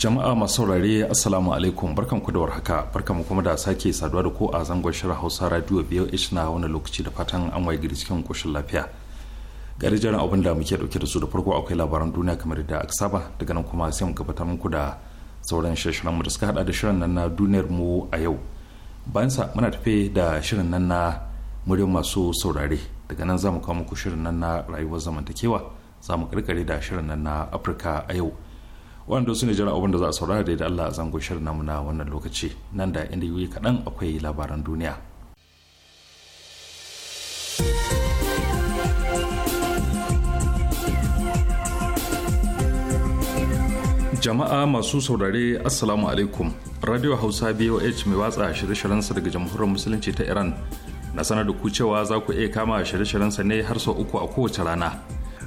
jama'a masu saurare assalamu alaikum barkan ku da warhaka barkan mu kuma da sake saduwa da ku a zangon shirin hausa radio voh na wani lokaci da fatan an waye gari cikin koshin lafiya gari jiran abin da muke dauke da su da farko akwai labaran duniya kamar da aka saba daga nan kuma sai mu gabatar muku da sauran shirin mu da suka hada da shirin nan na duniyar mu a yau bayan sa muna tafe da shirin nan na muryar masu saurare daga nan za mu kawo muku shirin nan na rayuwar zamantakewa za mu karkare da shirin nan na afirka a yau wanda su ne jira abin da za a saurara da Allah a zango shirin namu na wannan lokaci nan da inda yi kaɗan akwai labaran duniya. jama'a masu saurare assalamu alaikum radio hausa boh mai watsa shirye-shiryensa daga jamhuriyar musulunci ta iran na sanar da ku cewa za ku iya kama shirye sa ne har sau uku a kowace rana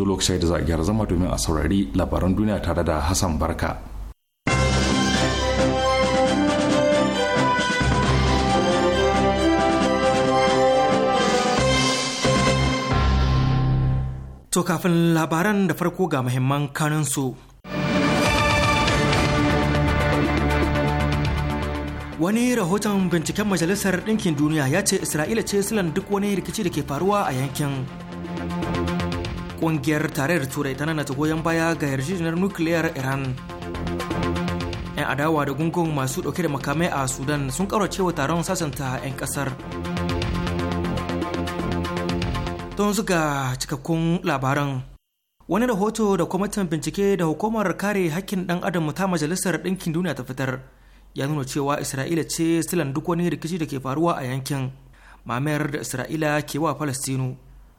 yanzu lokacin da za zama domin a saurari labaran duniya tare da Hassan Barka. To kafin labaran da farko ga muhimman kanunsu. Wani rahoton binciken Majalisar Ɗinkin Duniya ya ce Isra'ila ce silan duk wani rikici da ke faruwa a yankin. ƙungiyar tarayyar turai ta nata goyon baya ga yarjejeniyar nukiliyar iran 'yan adawa da gungun masu ɗauke da makamai a sudan sun wa taron sasanta 'yan ƙasar don zuga cikakkun labaran wani rahoto da kwamitin bincike da hukumar kare hakkin ɗan adam ta majalisar ɗinkin duniya ta fitar ya nuna cewa isra'ila ce silan duk wani rikici da ke faruwa a yankin mamayar da isra'ila ke wa falastinu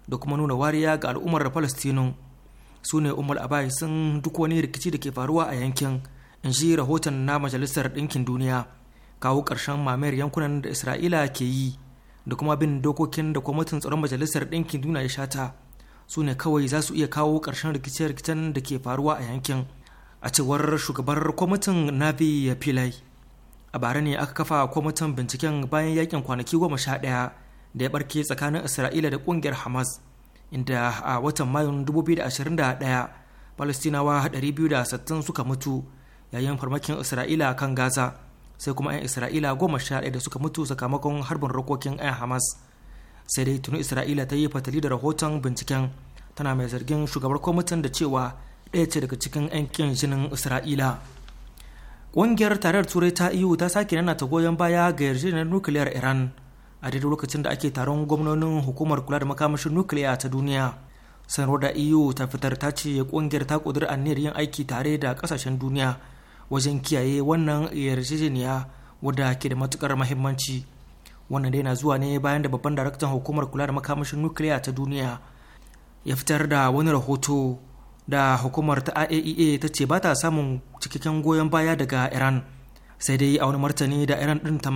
da kuma nuna wariya ga al'ummar Falastinu. su ne umar abai sun duk wani rikici da ke faruwa a yankin in shi rahoton na majalisar ɗinkin duniya kawo ƙarshen mamayar yankunan da isra'ila ke yi da kuma bin dokokin da kwamitin tsaron majalisar ɗinkin duniya ya shata su ne kawai za su iya kawo ƙarshen rikice-rikicen da ke faruwa a yankin a cewar shugabar kwamitin nabi ya filai a bara ne aka kafa kwamitin binciken bayan yakin kwanaki goma sha ɗaya da ya barke tsakanin isra'ila da kungiyar hamas inda a watan mayun 2021 palestinawa 260 suka mutu yayin farmakin isra'ila kan gaza sai kuma 'yan isra'ila goma sha da suka mutu sakamakon harbin rokokin 'yan hamas sai dai tuni isra'ila ta yi fatali da rahoton binciken tana mai zargin shugabar kwamitin da cewa ɗaya ce daga cikin 'yan kin jinin isra'ila ƙungiyar tarayyar turai ta iyu e ta sake nana ta goyon baya ga yarjejeniyar nukiliyar iran a daidai lokacin da ake taron gwamnonin hukumar kula da makamashin nukiliya ta duniya sanarwar da eu ta fitar ta ce kungiyar ta kudur aniyar yin aiki tare da kasashen duniya wajen kiyaye wannan yarjejeniya wadda ke da matukar mahimmanci wannan dai na zuwa ne bayan da babban daraktan hukumar kula da makamashin nukiliya ta duniya ya fitar da wani rahoto da hukumar ta iaea e ta ce ba ta samun cikakken goyon baya daga iran sai dai a wani martani da iran din ta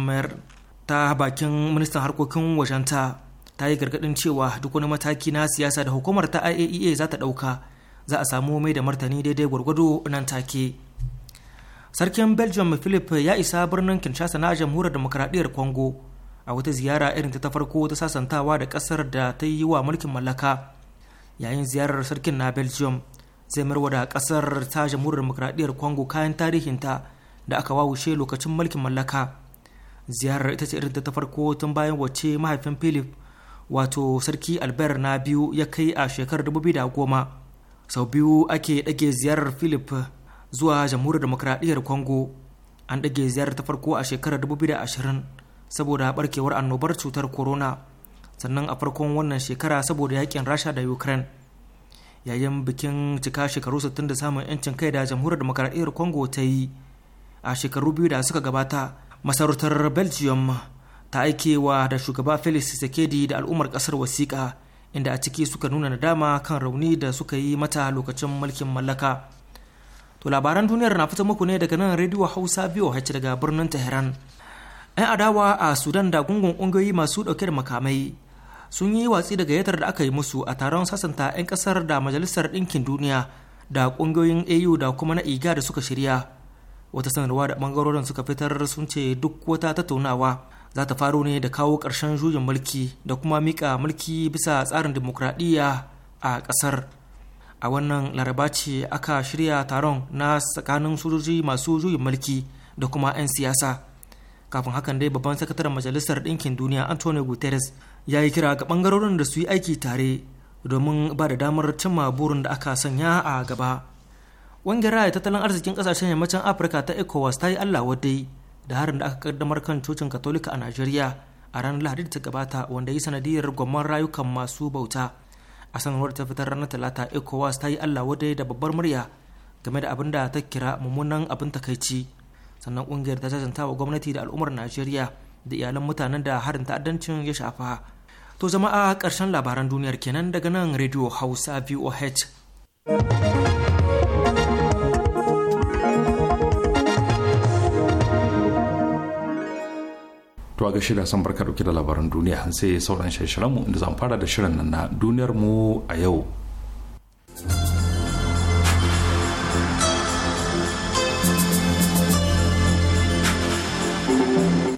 ta bakin ministan harkokin wajenta ta yi gargadin cewa duk wani mataki na siyasa da hukumar ta IAEA e za ta ɗauka za a samu mai da martani daidai gwargwado nan take. Sarkin Belgium Philip ya isa birnin Kinshasa na jamhuriyar demokradiyyar Congo a wata ziyara irin ta farko ta sasantawa da kasar da ta yi wa mulkin mallaka. Yayin ziyarar sarkin na Belgium zai marwa da kasar ta jamhuriyar demokradiyyar Congo kayan tarihinta da aka wawushe lokacin mulkin mallaka. ziyarar ita ce irin ta farko tun bayan wace mahaifin philip wato sarki albert na biyu ya kai a shekarar 2010 sau biyu ake ɗage ziyarar philip zuwa jamhuriyar demokradiyyar congo an ɗage ziyarar ta farko a shekarar 2020 saboda barkewar annobar cutar corona sannan a farkon wannan shekara saboda yakin rasha da ukraine yayin bikin cika shekaru 60 da samun 'yancin kai da jamhuriyar demokradiyyar congo ta yi a shekaru biyu da suka gabata masarautar belgium ta aikewa da shugaba felix tsakedi da al'ummar kasar wasiƙa inda a ciki suka nuna nadama kan rauni da suka yi mata lokacin mulkin mallaka to labaran duniyar na fita muku ne daga nan rediyo hausa biyu hace daga birnin tehran 'yan adawa a sudan da gungun ƙungiyoyi masu ɗauke da makamai sun yi watsi da gayyatar da aka yi musu a taron sasanta 'yan ƙasar da majalisar ɗinkin duniya da ƙungiyoyin au da kuma na iga da suka shirya wata sanarwa da bangarorin suka fitar sun ce duk wata tattaunawa za ta faro ne da kawo karshen juyin mulki da kuma miƙa mulki bisa tsarin demokradiyya a ƙasar a wannan laraba ce aka shirya taron na tsakanin sojoji masu juyin mulki da kuma 'yan siyasa kafin hakan dai babban sakataren majalisar ɗinkin duniya antonio guterres ya yi kira ga bangarorin da su yi aiki tare domin ba da damar cimma burin da aka sanya a gaba ƙungiyar raya tattalin arzikin ƙasashen yammacin afirka ta ecowas ta yi allah wadai da harin da aka kaddamar kan cocin katolika a najeriya a ranar lahadi da ta gabata wanda yi sanadiyar gwamman rayukan masu bauta a sanarwar ta fitar ranar talata ecowas ta yi allah wadai da babbar murya game da abin da ta kira mummunan abin takaici sannan kungiyar ta jajanta wa gwamnati da al'ummar najeriya da iyalan mutanen da harin ta'addancin ya shafa to jama'a ƙarshen labaran duniyar kenan daga nan radio hausa voh Tuwa ga shida san barka dauke da labaran duniya sai sauran shirin mu inda zan fara da shirin nan na duniyar mu a yau.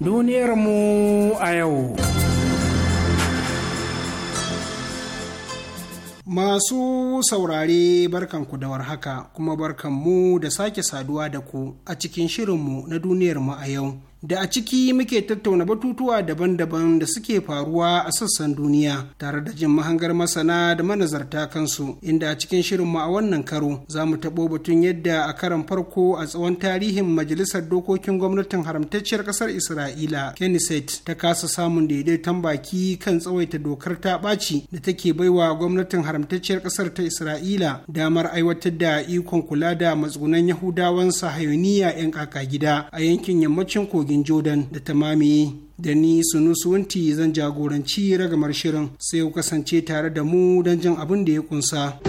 Duniyar mu a yau. Masu saurare barkanku da warhaka kuma barkanmu da sake saduwa da ku a cikin shirinmu na duniyarmu a yau. da a ciki muke tattauna batutuwa daban-daban da suke faruwa a sassan duniya tare da jin mahangar masana da manazarta kansu inda a cikin shirin shirinmu a wannan karo za mu taɓo batun yadda a karan farko a tsawon tarihin majalisar dokokin gwamnatin haramtacciyar ƙasar isra'ila kenneth ta kasa samun daidaiton baki kan tsawaita dokar ta ɓaci da take baiwa gwamnatin haramtacciyar ƙasar ta isra'ila damar aiwatar da ikon kula da matsugunan yahudawan sahayoniya 'yan kaka gida a yankin yammacin kogi kogin jordan da ta mamaye da ni sunu suwanti zan jagoranci ragamar shirin sai ku kasance tare da mu don jin abin da ya kunsa.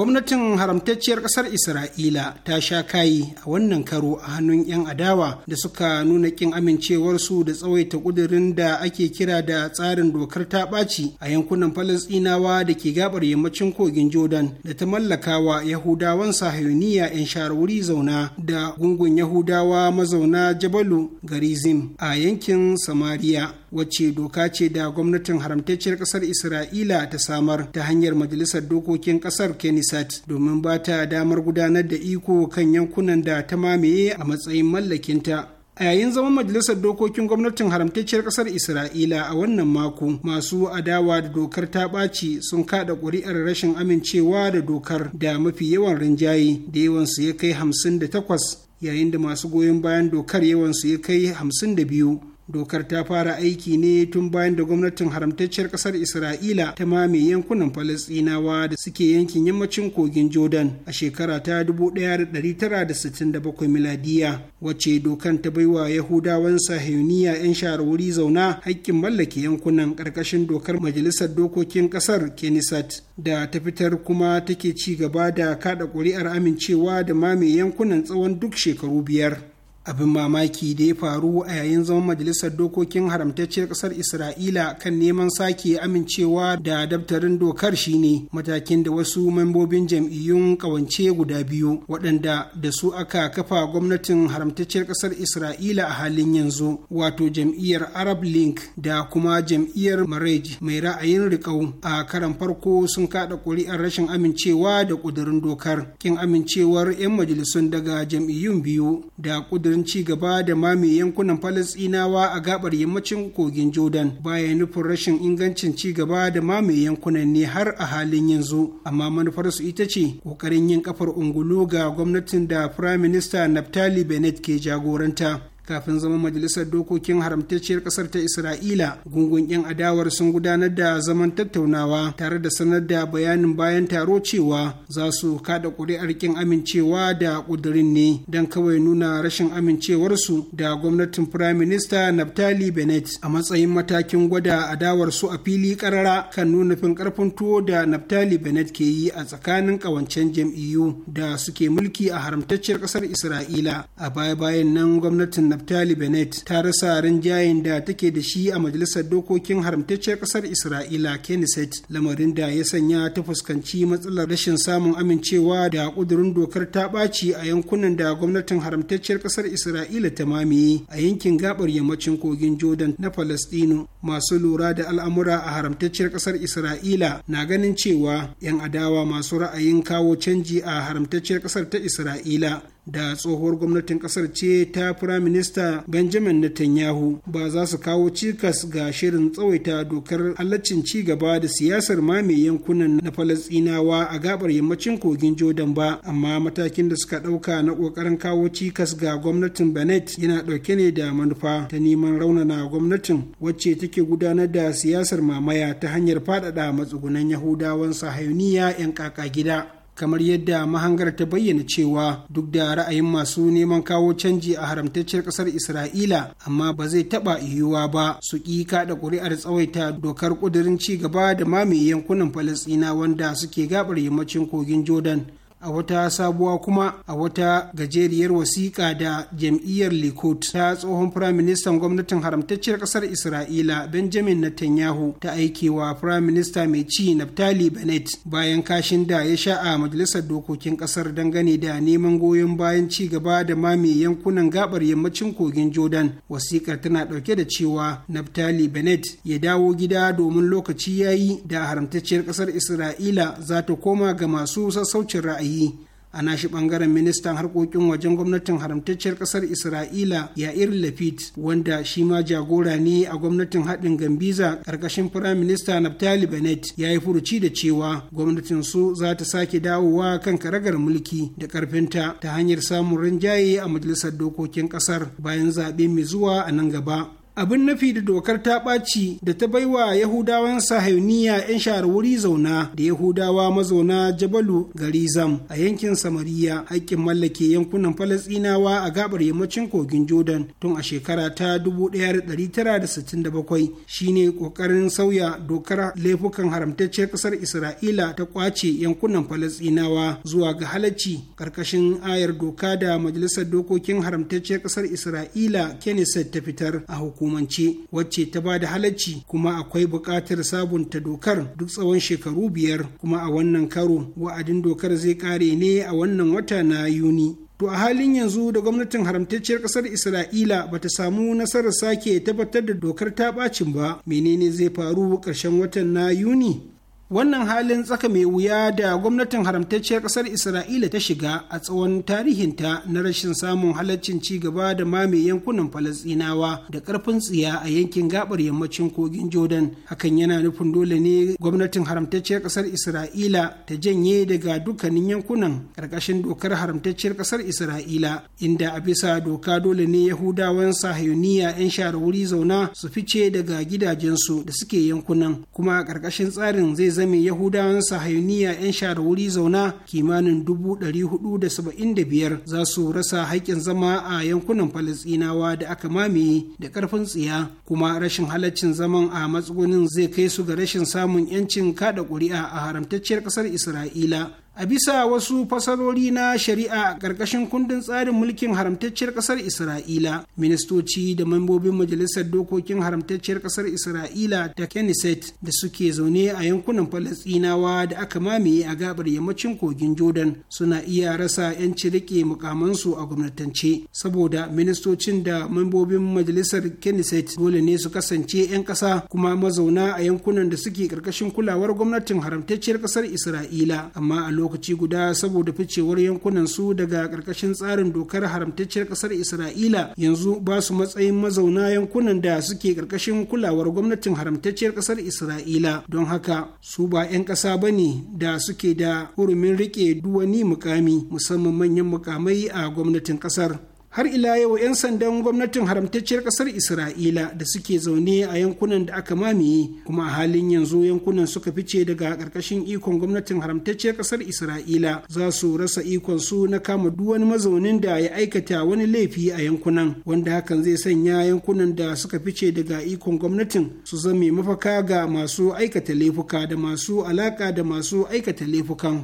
gwamnatin haramtacciyar kasar isra'ila ta sha kayi a wannan karo a hannun 'yan adawa da suka nuna kin amincewarsu da tsawaita kudirin da ake kira da tsarin dokar ta ɓaci a yankunan falasɗinawa da ke gabar yammacin kogin jordan da ta mallakawa yahudawan sahiyoniya 'yan shawarwuri zauna da gungun yahudawa mazauna jabalu garizim a yankin samariya wacce doka ce da gwamnatin haramtacciyar kasar isra'ila ta samar ta hanyar majalisar dokokin kasar kenisat domin ba ta damar gudanar da iko kan yankunan da ta mamaye a matsayin mallakinta a yayin zaman majalisar dokokin gwamnatin haramtacciyar kasar isra'ila a wannan mako masu adawa da dokar ta ɓaci sun kaɗa ƙuri'ar rashin amincewa da dokar da mafi yawan rinjaye da yawansu ya kai hamsin da takwas, yayin da masu goyon bayan dokar yawansu ya kai hamsin da biyu. dokar ta fara aiki ne tun bayan da gwamnatin haramtacciyar kasar isra'ila ta mame yankunan falasɗinawa da suke yankin yammacin kogin jordan a shekara ta 1967 miladiya wacce dokan ta baiwa yahudawan Sahuniya 'yan shahararwuri zauna Haƙƙin mallake yankunan ƙarƙashin dokar majalisar dokokin kasar kenisat da ta fitar kuma take ci gaba da kada ƙuri'ar amincewa da mame yankunan tsawon duk shekaru biyar abin mamaki da ya faru a yayin zaman majalisar dokokin haramtacciyar ƙasar isra'ila kan neman sake amincewa da daftarin dokar shine matakin da wasu membobin jam'iyyun ƙawance guda biyu waɗanda da su aka kafa gwamnatin haramtacciyar ƙasar isra'ila a halin yanzu wato jam'iyyar arab link da kuma jam'iyyar marej mai ra'ayin riƙau a karan farko sun kaɗa ƙuri'ar rashin amincewa da ƙudurin dokar kin amincewar 'yan majalisun daga jam'iyyun biyu da ƙudurin don ci gaba da mame yankunan falasɗinawa a gabar yammacin kogin jordan bayan nufin rashin ingancin ci gaba da mame yankunan ne har a halin yanzu amma manufarsu ita ce ƙoƙarin yin kafar ungulu ga gwamnatin da firayim minister naftali bennett ke jagoranta kafin zama majalisar dokokin haramtacciyar kasar ta isra'ila gungun 'yan adawar sun gudanar da zaman tattaunawa tare da sanar da bayanin bayan taro cewa za su kada ƙuri'ar kin amincewa da ƙudurin ne don kawai nuna rashin amincewarsu da gwamnatin firayim minista naftali Benet, a matsayin matakin gwada adawar su a fili karara kan nuna fin karfin tuwo da naftali Benet ke yi a tsakanin ƙawancen jam'iyyu da suke mulki a haramtacciyar kasar isra'ila a baya-bayan nan gwamnatin naftali bennett ta rasa rinjayen da take da shi a majalisar dokokin haramtacciyar kasar isra'ila Knesset lamarin da ya sanya ta fuskanci matsalar rashin samun amincewa da ƙudurin dokar ta ɓaci a yankunan da gwamnatin haramtacciyar kasar isra'ila ta mamaye a yankin gabar yammacin kogin jordan na falastinu masu lura da al'amura a haramtacciyar kasar isra'ila na ganin cewa 'yan adawa masu ra'ayin kawo canji a haramtacciyar kasar ta isra'ila da tsohuwar gwamnatin kasar ce ta firaminista benjamin netanyahu ba za su kawo cikas ga shirin tsawaita dokar halaccin ci gaba da siyasar mame yankunan na falasinawa a gabar yammacin kogin jordan ba amma matakin da suka ɗauka na ƙoƙarin kawo cikas ga gwamnatin benet yana ɗauke ne da manufa ta neman raunana gwamnatin wacce take gudanar da siyasar mamaya ta hanyar faɗaɗa matsugunan yahudawan sahayuniya 'yan kaka gida kamar yadda mahangar ta bayyana cewa duk da ra'ayin masu neman kawo canji a haramtacciyar ƙasar isra'ila amma ba zai taɓa yiwuwa ba su ƙi kaɗa ƙuri'ar tsawaita dokar ƙudurin ci gaba da mamaye yankunan falasɗina wanda suke gaɓar yammacin kogin jordan a wata sabuwa kuma a wata gajeriyar wasiƙa da jam'iyyar likud ta tsohon firaministan gwamnatin haramtacciyar ƙasar isra'ila benjamin netanyahu ta aikewa firaminista mai ci naftali bennett bayan kashin da ya sha a majalisar dokokin ƙasar dangane da neman goyon bayan ci gaba da mame yankunan gabar yammacin kogin jordan wasiƙar tana ɗauke da cewa naftali bennett ya dawo gida domin lokaci yayi da haramtacciyar ƙasar isra'ila za ta koma ga masu sassaucin ra'ayi yi a nashi bangaren ministan harkokin wajen gwamnatin haramtacciyar kasar isra'ila yair lafit wanda shi ma jagora ne a gwamnatin haɗin gambiza ƙarƙashin firayim minista naftali Benet ya yi furuci da cewa gwamnatin su za ta sake dawowa kan karagar mulki da ƙarfinta ta hanyar samun rinjaye a majalisar dokokin ƙasar bayan zaɓe mai zuwa a nan gaba abin nufi da dokar ta ɓaci da ta baiwa yahudawan sahayuniya 'yan shahar wuri zauna da yahudawa mazauna jabalu gari zam a yankin samariya haƙƙin mallake yankunan Falasinawa a gabar yammacin kogin jordan tun a shekara ta 1967 shine ƙoƙarin sauya dokar laifukan haramtacciyar ƙasar isra'ila ta ƙwace yankunan Falasinawa zuwa ga halacci ƙarƙashin ayar doka da majalisar dokokin haramtacciyar ƙasar isra'ila kenneth ta fitar a hukumar hukumance wacce ta ba da halacci kuma akwai buƙatar sabunta dokar duk tsawon shekaru biyar kuma a wannan karo wa'adin dokar zai ƙare ne a wannan wata na yuni To a halin yanzu da gwamnatin haramtacciyar ƙasar Isra'ila ba ta samu nasarar sake tabbatar da dokar ta bacin ba, menene zai faru ƙarshen watan na Yuni? wannan halin tsaka mai wuya da gwamnatin haramtacciyar ƙasar isra'ila ta shiga a tsawon tarihinta na rashin samun halaccin ci gaba da mame yankunan falasɗinawa da ƙarfin tsiya a yankin gabar yammacin kogin jordan hakan yana nufin dole ne gwamnatin haramtacciyar ƙasar isra'ila ta janye daga dukkanin yankunan ƙarƙashin dokar haramtacciyar ƙasar isra'ila inda a bisa doka dole ne yahudawan sahayuniya 'yan shara wuri zauna su fice daga gidajensu da suke yankunan kuma ƙarƙashin tsarin zai zame yahudawan sahayuniya 'yan shara wuri zauna kimanin 475 za su rasa haƙƙin zama a yankunan falasɗinawa da aka mamaye da ƙarfin tsiya kuma rashin halaccin zaman a matsugunin zai kai su ga rashin samun 'yancin kaɗa ƙuri'a a haramtacciyar ƙasar isra'ila a bisa wasu fasarori na shari'a a ƙarƙashin kundin tsarin mulkin haramtacciyar ƙasar isra'ila ministoci da membobin majalisar dokokin haramtacciyar ƙasar isra'ila da kenneset da suke zaune a yankunan falasɗinawa da aka mamaye a gabar yammacin kogin jordan suna iya rasa 'yanci riƙe mukamansu a gwamnatance saboda ministocin da membobin majalisar kenneset dole ne su kasance 'yan ƙasa kuma mazauna a yankunan da suke ƙarƙashin kulawar gwamnatin haramtacciyar ƙasar isra'ila amma a lokacin lokaci guda saboda ficewar yankunan su daga ƙarƙashin tsarin dokar haramtacciyar ƙasar isra'ila yanzu ba su matsayin mazauna yankunan da suke ƙarƙashin kulawar gwamnatin haramtacciyar ƙasar isra'ila don haka su ba 'yan ƙasa ba ne da suke da hurumin riƙe duwani mukami musamman manyan mukamai a gwamnatin ƙasar har ila yau 'yan sandan gwamnatin haramtacciyar kasar isra'ila da suke zaune a yankunan da aka mamaye kuma a halin yanzu yankunan suka fice daga karkashin ikon gwamnatin haramtacciyar kasar isra'ila za su rasa ikon su na kama duk wani mazaunin da ya aikata wani laifi a yankunan wanda hakan zai sanya yankunan da suka fice daga ikon gwamnatin su zame mafaka ga masu aikata laifuka da masu alaka da masu aikata laifukan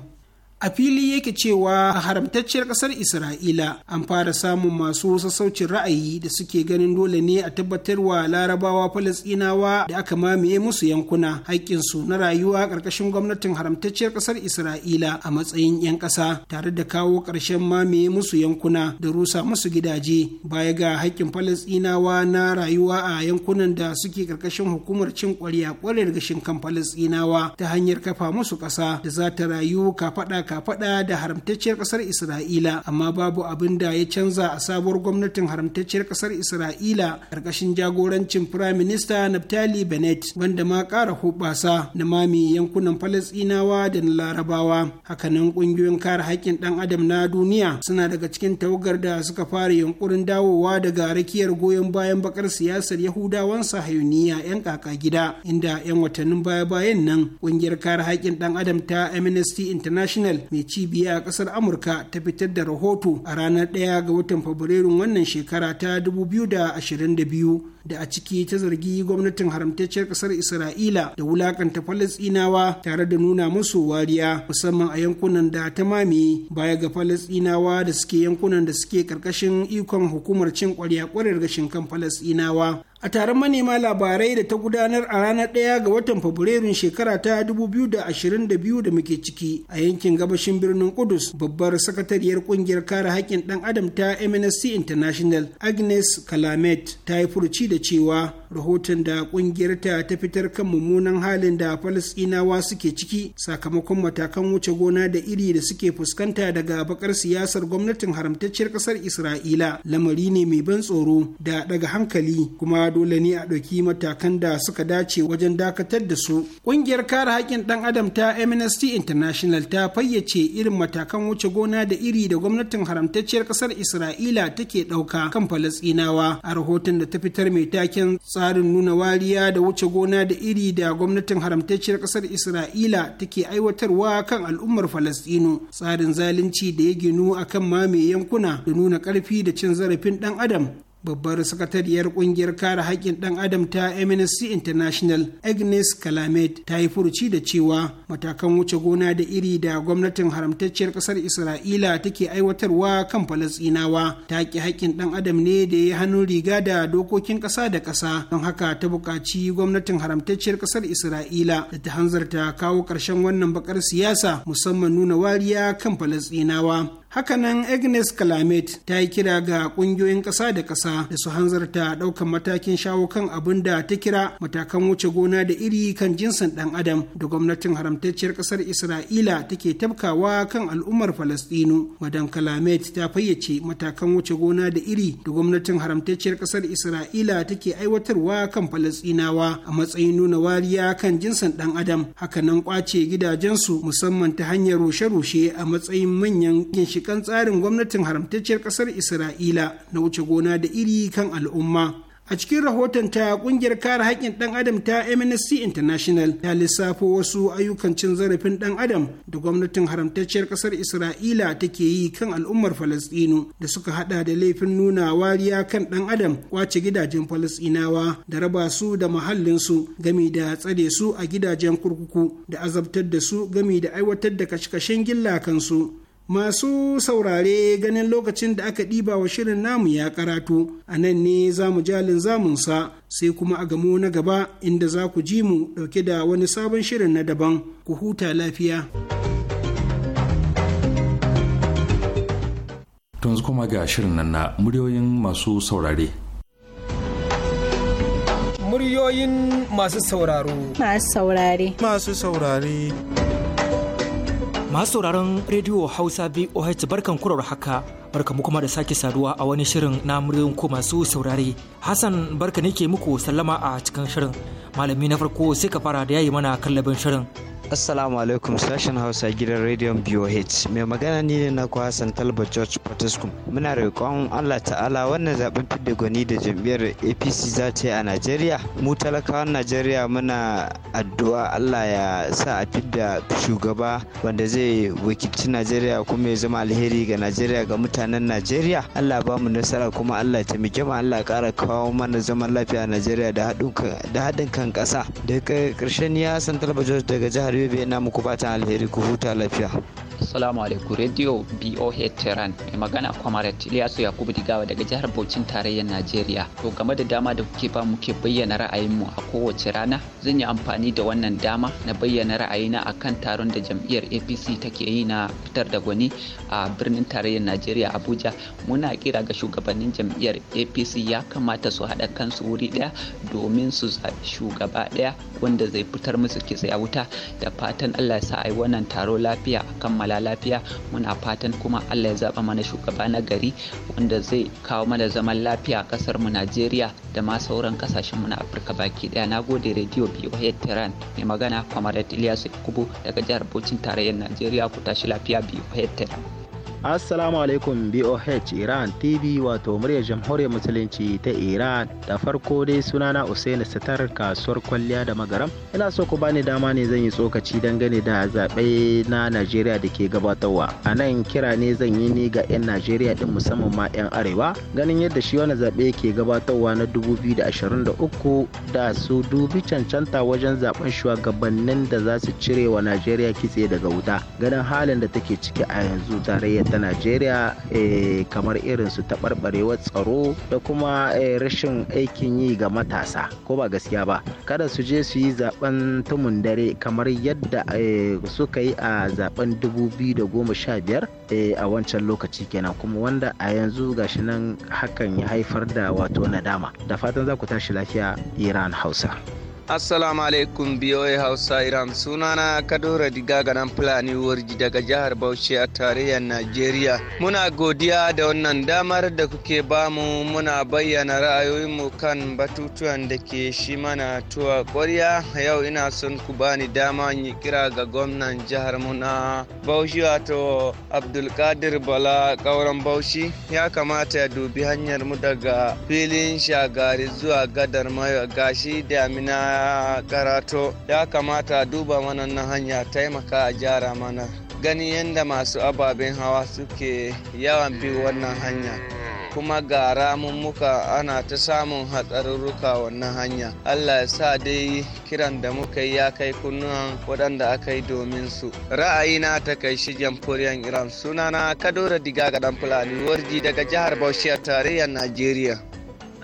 a fili yake cewa a haramtacciyar ƙasar isra'ila an fara samun masu sassaucin ra'ayi da suke ganin dole ne a tabbatar wa larabawa falasɗinawa da aka mamaye musu yankuna haƙƙinsu na rayuwa ƙarƙashin gwamnatin haramtacciyar ƙasar isra'ila a matsayin 'yan ƙasa tare da kawo ƙarshen mamaye musu yankuna da rusa musu gidaje baya ga haƙƙin falasɗinawa na rayuwa a yankunan da suke ƙarƙashin hukumar cin ƙwarya ƙwarar gashin kan falasɗinawa ta hanyar kafa musu ƙasa da za ta rayu kafaɗa kafaɗa da haramtacciyar ƙasar isra'ila amma babu abin da ya canza a sabuwar gwamnatin haramtacciyar ƙasar isra'ila ƙarƙashin jagorancin prime minister naftali bennett wanda ma kara hoɓasa na mami yankunan falasɗinawa da na larabawa hakanan ƙungiyoyin kare haƙƙin ɗan adam na duniya suna daga cikin tawagar da suka fara yunkurin dawowa daga rakiyar goyon bayan bakar siyasar yahudawan sahayuniya 'yan kaka gida inda 'yan watannin baya-bayan nan ƙungiyar kare haƙƙin ɗan adam ta amnesty international Intel mai cibiya a ƙasar Amurka ta fitar da rahoto a ranar 1 ga watan Fabrairun wannan shekara ta 2022. da a ciki ta zargi gwamnatin haramtacciyar ƙasar isra'ila da wulakanta falasɗinawa tare da nuna musu wariya musamman a yankunan da ta mamaye baya ga falasɗinawa da suke yankunan da suke ƙarƙashin ikon hukumar cin ƙwarya ƙwarar gashin kan falasɗinawa a taron manema labarai da ta gudanar a ranar ɗaya ga watan fabrairun shekara ta 2022 da muke ciki a yankin gabashin birnin kudus babbar sakatariyar kungiyar kare haƙƙin ɗan adam ta mnsc international agnes kalamet ta yi furuci da cewa rahoton da kungiyar ta ta fitar kan mummunan halin da falasɗinawa suke ciki sakamakon matakan wuce gona da iri da suke fuskanta daga bakar siyasar gwamnatin haramtacciyar ƙasar isra'ila lamari ne mai ban tsoro da daga hankali kuma dole ne a ɗauki matakan da suka dace wajen dakatar da su ƙungiyar kare haƙƙin ɗan adam ta amnesty international ta fayyace irin matakan wuce gona da iri da gwamnatin haramtacciyar ƙasar isra'ila take ɗauka kan falasɗinawa a rahoton da ta fitar mai taken tsarin nuna wariya da wuce gona da iri da gwamnatin haramtacciyar ƙasar isra'ila take aiwatarwa kan al'ummar falasɗinu tsarin zalunci da ya ginu akan mame yankuna da nuna ƙarfi da cin zarafin ɗan adam babbar sakatariyar kungiyar kare haƙƙin ɗan adam ta amnesty international agnes kalamet ta yi furuci da cewa matakan wuce gona da iri da gwamnatin haramtacciyar ƙasar isra'ila take aiwatarwa kan falasɗinawa ta ƙi haƙƙin ɗan adam ne da ya hannun riga da dokokin ƙasa da ƙasa don haka ta buƙaci gwamnatin haramtacciyar ƙasar isra'ila da ta hanzarta kawo ƙarshen wannan baƙar siyasa musamman nuna wariya kan falasɗinawa hakanan agnes Kalamet ta yi kira ga ƙungiyoyin ƙasa da ƙasa da su hanzarta ɗaukan matakin shawo kan abin da ta kira matakan wuce gona da iri kan jinsin ɗan adam da gwamnatin haramtacciyar ƙasar isra'ila take tabkawa kan al'ummar falastinu madam Kalamet ta fayyace matakan wuce gona da iri da gwamnatin haramtacciyar ƙasar isra'ila take aiwatarwa kan falastinawa a matsayin nuna wariya kan jinsin ɗan adam hakanan kwace gidajensu musamman ta hanyar rushe-rushe a matsayin manyan ginshiƙa kan tsarin gwamnatin haramtacciyar ƙasar isra'ila na wuce gona da iri kan al'umma a cikin rahoton ta kungiyar kare haƙƙin ɗan adam ta amnesty international ta lissafo wasu ayyukan cin zarafin ɗan adam da gwamnatin haramtacciyar ƙasar isra'ila take yi kan al'ummar Falasɗinu. da suka hada da laifin nuna wariya kan ɗan adam kwace gidajen Falasɗinawa da raba su da mahallinsu gami da tsare su a gidajen kurkuku da azabtar da su gami da aiwatar da kashe-kashen gilla kansu Masu saurare ganin lokacin da aka ɗiba wa shirin namu ya karatu a nan ne za mu jalin zamunsa sai kuma a gamo na gaba inda za ku ji mu ɗauke da wani sabon shirin na daban ku huta lafiya. Tunzu kuma ga shirin nan na muryoyin masu saurare. Muryoyin masu sauraro. Masu saurare. Masu saurare. Masu sauraron rediyo Hausa BOH barkan kurar haka barka mu kuma da sake saduwa a wani shirin na muryoyin ko masu saurare. Hassan barka ne ke muku sallama a cikin shirin. Malami na farko sai ka fara da yayi mana kallabin shirin. Assalamu alaikum sashen Hausa gidan rediyon BOH. Mai magana ni ne naku Hassan Talba George Potiskum Muna roƙon Allah Ta'ala wannan zaben fidda gwani da jam'iyyar APC za ta yi a Najeriya. Mu talakawan Najeriya muna addu'a Allah ya sa a fidda shugaba wanda zai wakilci Najeriya kuma ya zama alheri ga Najeriya ga mutanen Najeriya. Allah ba mu nasara kuma Allah ya taimake mu Allah ƙara kawo mana zaman lafiya a Najeriya da haɗin kan ƙasa. Daga ƙarshen ni Hassan Talba George daga jihar radio namu muku fatan alheri ku huta lafiya Assalamu alaikum Radio BOH Tehran mai magana Kwamarat Tiliyasu Yakubu Digawa daga jihar Bauchin tarayyar Najeriya. To game da dama da kuke ba muke bayyana ra'ayinmu a kowace rana zan yi amfani da wannan dama na bayyana ra'ayina kan taron da jam'iyyar APC take yi na fitar da gwani a birnin tarayyar Najeriya Abuja. Muna kira ga shugabannin jam'iyyar APC ya kamata su haɗa kansu wuri ɗaya domin su zaɓi shugaba ɗaya wanda zai fitar musu kitse a wuta da fatan Allah ya sa ai wannan taro lafiya akan kammala lafiya muna fatan kuma allah ya zaɓa mana shugaba na gari wanda zai kawo mana zaman lafiya a ƙasar mu najeriya da ma sauran ƙasashen mu na afirka baki ɗaya na gode rediyo biyu tehran mai magana kwamarat ilyasu kubu daga jihar bauchin tarayyar najeriya ku tashi lafiya biyu tehran Assalamu alaikum BOH Iran TV wato muryar jamhuriyar musulunci ta Iran da farko dai sunana Usaini Sitar kasuwar kwalliya da magaram ina so ku bani dama ne zan yi tsokaci dangane da zaɓe na Najeriya da ke gabatarwa a nan kira ne zan yi ni ga 'yan Najeriya din musamman ma 'yan arewa ganin yadda shi wani zaɓe ke gabatarwa na 2023 da su dubi cancanta wajen zaɓen shugabannin da za su cire wa Najeriya kitse daga wuta ganin halin da take ciki a yanzu tarayyar ta najeriya eh, kamar irin su taɓarɓarewar tsaro da kuma eh, rashin aikin yi ga matasa ko ba gaskiya ba kada su je su yi zaben tumun dare kamar yadda eh, suka yi a zaben 2015 a wancan lokaci kenan kuma wanda a yanzu gashi nan hakan ya haifar da wato nadama da fatan za ku tashi lafiya iran hausa Assalamu alaikum BOA Hausa Iran sunana Kadura Diga nan Fulani Warji daga jihar Bauchi a tarayyar Najeriya. Muna godiya da wannan damar da kuke bamu muna bayyana ra'ayoyinmu kan batutuwan da ke shi mana tuwa kwarya Yau ina son ku bani dama yi kira ga gwamnan jihar muna Bauchi wato Abdulkadir Bala Kauran Bauchi ya kamata ya dubi hanyar mu daga filin shagari zuwa gadar mayo gashi damina na karato ya kamata duba mana na hanya taimaka a gyara mana gani yadda masu ababen hawa suke yawan bi wannan hanya kuma ga ramummuka ana ta samun hatsarurruka wannan hanya allah ya sa dai kiran da muka yi ya kai kunnuwan waɗanda aka yi domin su ra'ayina ta kai shi jamhuriyar iran sunana kadora diga ga dan fulani warji daga jihar bauchi a tarayyar najeriya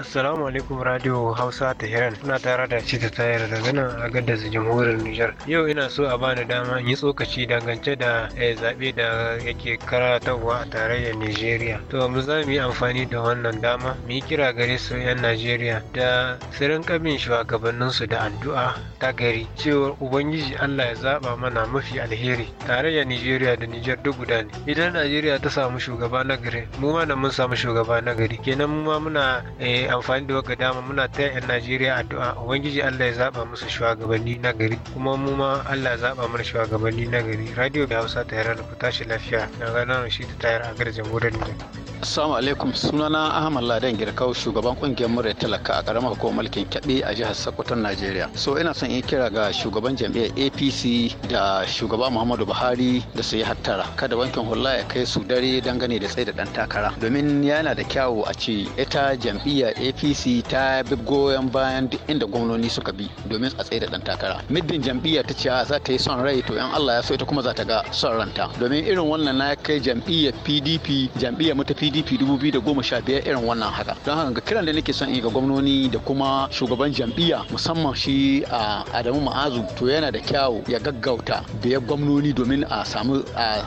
Assalamu alaikum Radio Hausa Hiran. Ina tare da ci ta tayar da ganin a su jamhuriyar Nijar. Yau ina so a bani dama in yi tsokaci dangance da eh, zaɓe da yake karatarwa a tarayyar Nijeriya. To mu za mu yi amfani da wannan dama mu yi kira gare su 'yan Najeriya da su rinka bin shugabanninsu da addu'a ta gari cewar Ubangiji Allah ya zaɓa mana mafi alheri. Tarayyar Nijeriya da Nijar duk guda ne. Idan Nijeriya ta samu shugaba na gari, mu ma da mun samu shugaba na gari. Kenan mu ma muna eh, amfani da wagga dama muna ta 'yan Najeriya addu'a Ubangiji Allah ya zaba musu shugabanni na gari kuma mu ma Allah ya zaba mana shugabanni na gari. Radio Hausa ta yarda ku tashi lafiya. Na ga nan shi ta tayar a garin gudanar da. Assalamu alaikum sunana Ahmad Ladan Girkau shugaban kungiyar murya talaka a karamar ko mulkin kyaɓe a jihar Sokoto Najeriya. So ina son yi kira ga shugaban jam'iyyar APC da shugaba Muhammadu Buhari da su yi hattara kada wankin hula ya kai su dare dangane da tsaye da dan takara domin yana da kyawu a ce ita jam'iyyar APC ta bi goyon bayan duk inda gwamnoni suka bi domin a tsaye da dan takara. Middin jam'iyyar ta ce za ta yi son rai to in Allah ya so ita kuma za ta ga son ranta domin irin wannan na kai jam'iyyar PDP jam'iyyar mutafi pdp 2015 irin wannan haka don haka kiran da nake son in ga gwamnoni da kuma shugaban jam'iyya musamman shi a adamu ma'azu to yana da kyau ya gaggauta biyar gwamnoni domin a samu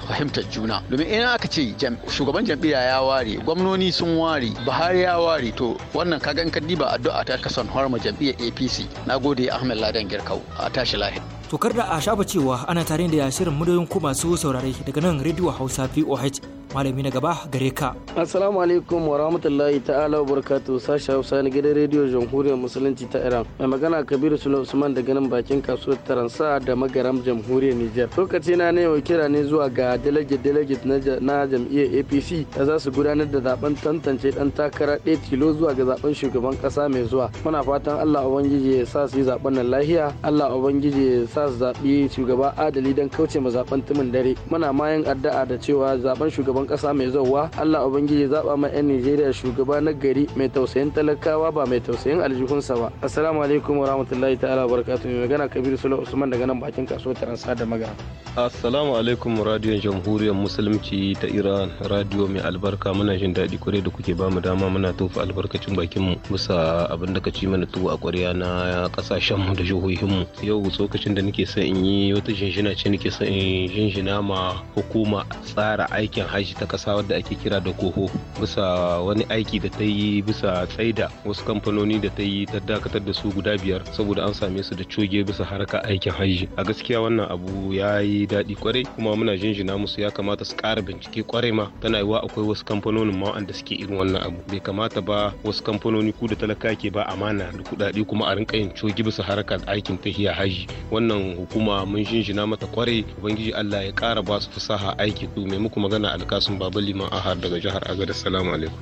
fahimtar juna domin ina aka ce shugaban jam'iyya ya ware gwamnoni sun ware buhari ya ware to wannan kaga in ka diba addu'a ta ka son harma jam'iyyar apc na gode ahmed ladan girkau a tashi lahi to da a shafa cewa ana tare da shirin madoyin ku masu saurare daga nan rediyo hausa voh malami na gaba gare ka assalamu alaikum wa rahmatullahi ta'ala wa barakatuh sashi hausa na gidan rediyo jamhuriyar musulunci ta iran mai magana kabiru sule usman daga nan bakin kasuwar taransa da magaram jamhuriyar nijar lokaci na ne wa kira ne zuwa ga delegate delegate na jam'iyyar apc da za su gudanar da zaben tantance dan takara ɗaya tilo zuwa ga zaben shugaban ƙasa mai zuwa muna fatan allah ubangiji ya sa su yi zaben nan lahiya allah ubangiji ya sa su zaɓi shugaba adali don kauce ma zaben tumin dare muna mayan addu'a da cewa zaben shugaban shugaban kasa mai zauwa Allah ubangiji zaba ma yan Nijeriya shugaba na gari mai tausayin talakawa ba mai tausayin aljihunsa ba assalamu alaikum warahmatullahi ta'ala barakatuh mai magana Kabiru Sule Usman daga nan bakin kasuwar Ransa da Magana assalamu alaikum radiyon jamhuriyar musulunci ta Iran radio mai albarka muna jin daɗi kwarai da kuke bamu dama muna tofa albarkacin bakin bakinmu bisa abin da ka ci mana tuwo a kwarya na mu da mu yau tsokacin da nake son in yi wata jinjina ce nake son in jinjina ma hukuma tsara aikin hajji gwamnati ta kasa wadda ake kira da koho bisa wani aiki da ta yi bisa tsaida wasu kamfanoni da ta yi ta dakatar da su guda biyar saboda an same su da coge bisa harka aikin haji. a gaskiya wannan abu ya yi daɗi kwarai kuma muna jinjina musu ya kamata su ƙara bincike kwarai ma tana yiwa akwai wasu kamfanonin ma wanda suke irin wannan abu bai kamata ba wasu kamfanoni ku da talaka ke ba amana da kuɗaɗe kuma a rinka yin coge bisa harkar aikin tahiya haji. wannan hukuma mun jinjina mata kwarai ubangiji Allah ya ƙara ba su fasaha aiki to mai muku magana alƙa alkasun baba liman ahar daga jihar agada salamu alaikum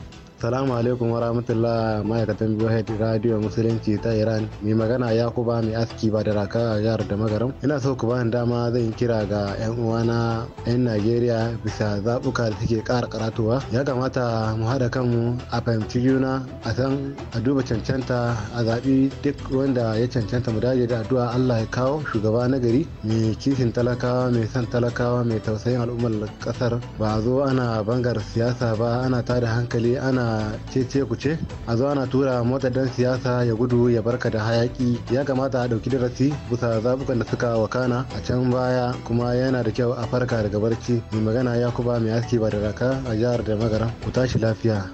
Salamu alaikum wa rahmatullah ma'aikatan Bihar Radio Musulunci ta Iran. Mai magana ba mai aski ba da raka a jihar da magaram. Ina so ku ba ni dama zan kira ga 'yan uwana 'yan Najeriya bisa zaɓuka da suke ƙara karatuwa. Ya kamata mu haɗa kanmu a fahimci juna a san a duba cancanta a zaɓi duk wanda ya cancanta mu dage da addu'a Allah ya kawo shugaba na gari mai kishin talakawa mai san talakawa mai tausayin al'ummar ƙasar ba zo ana bangar siyasa ba ana tada hankali ana cece ku ce a zo ana tura mota dan siyasa ya gudu ya barka da hayaki ya kamata a ɗauki darasi bisa zabukan da suka wakana a can baya kuma yana da kyau a farka daga barci mai magana yakuba mai aski ba da raka a jihar da magara ku tashi lafiya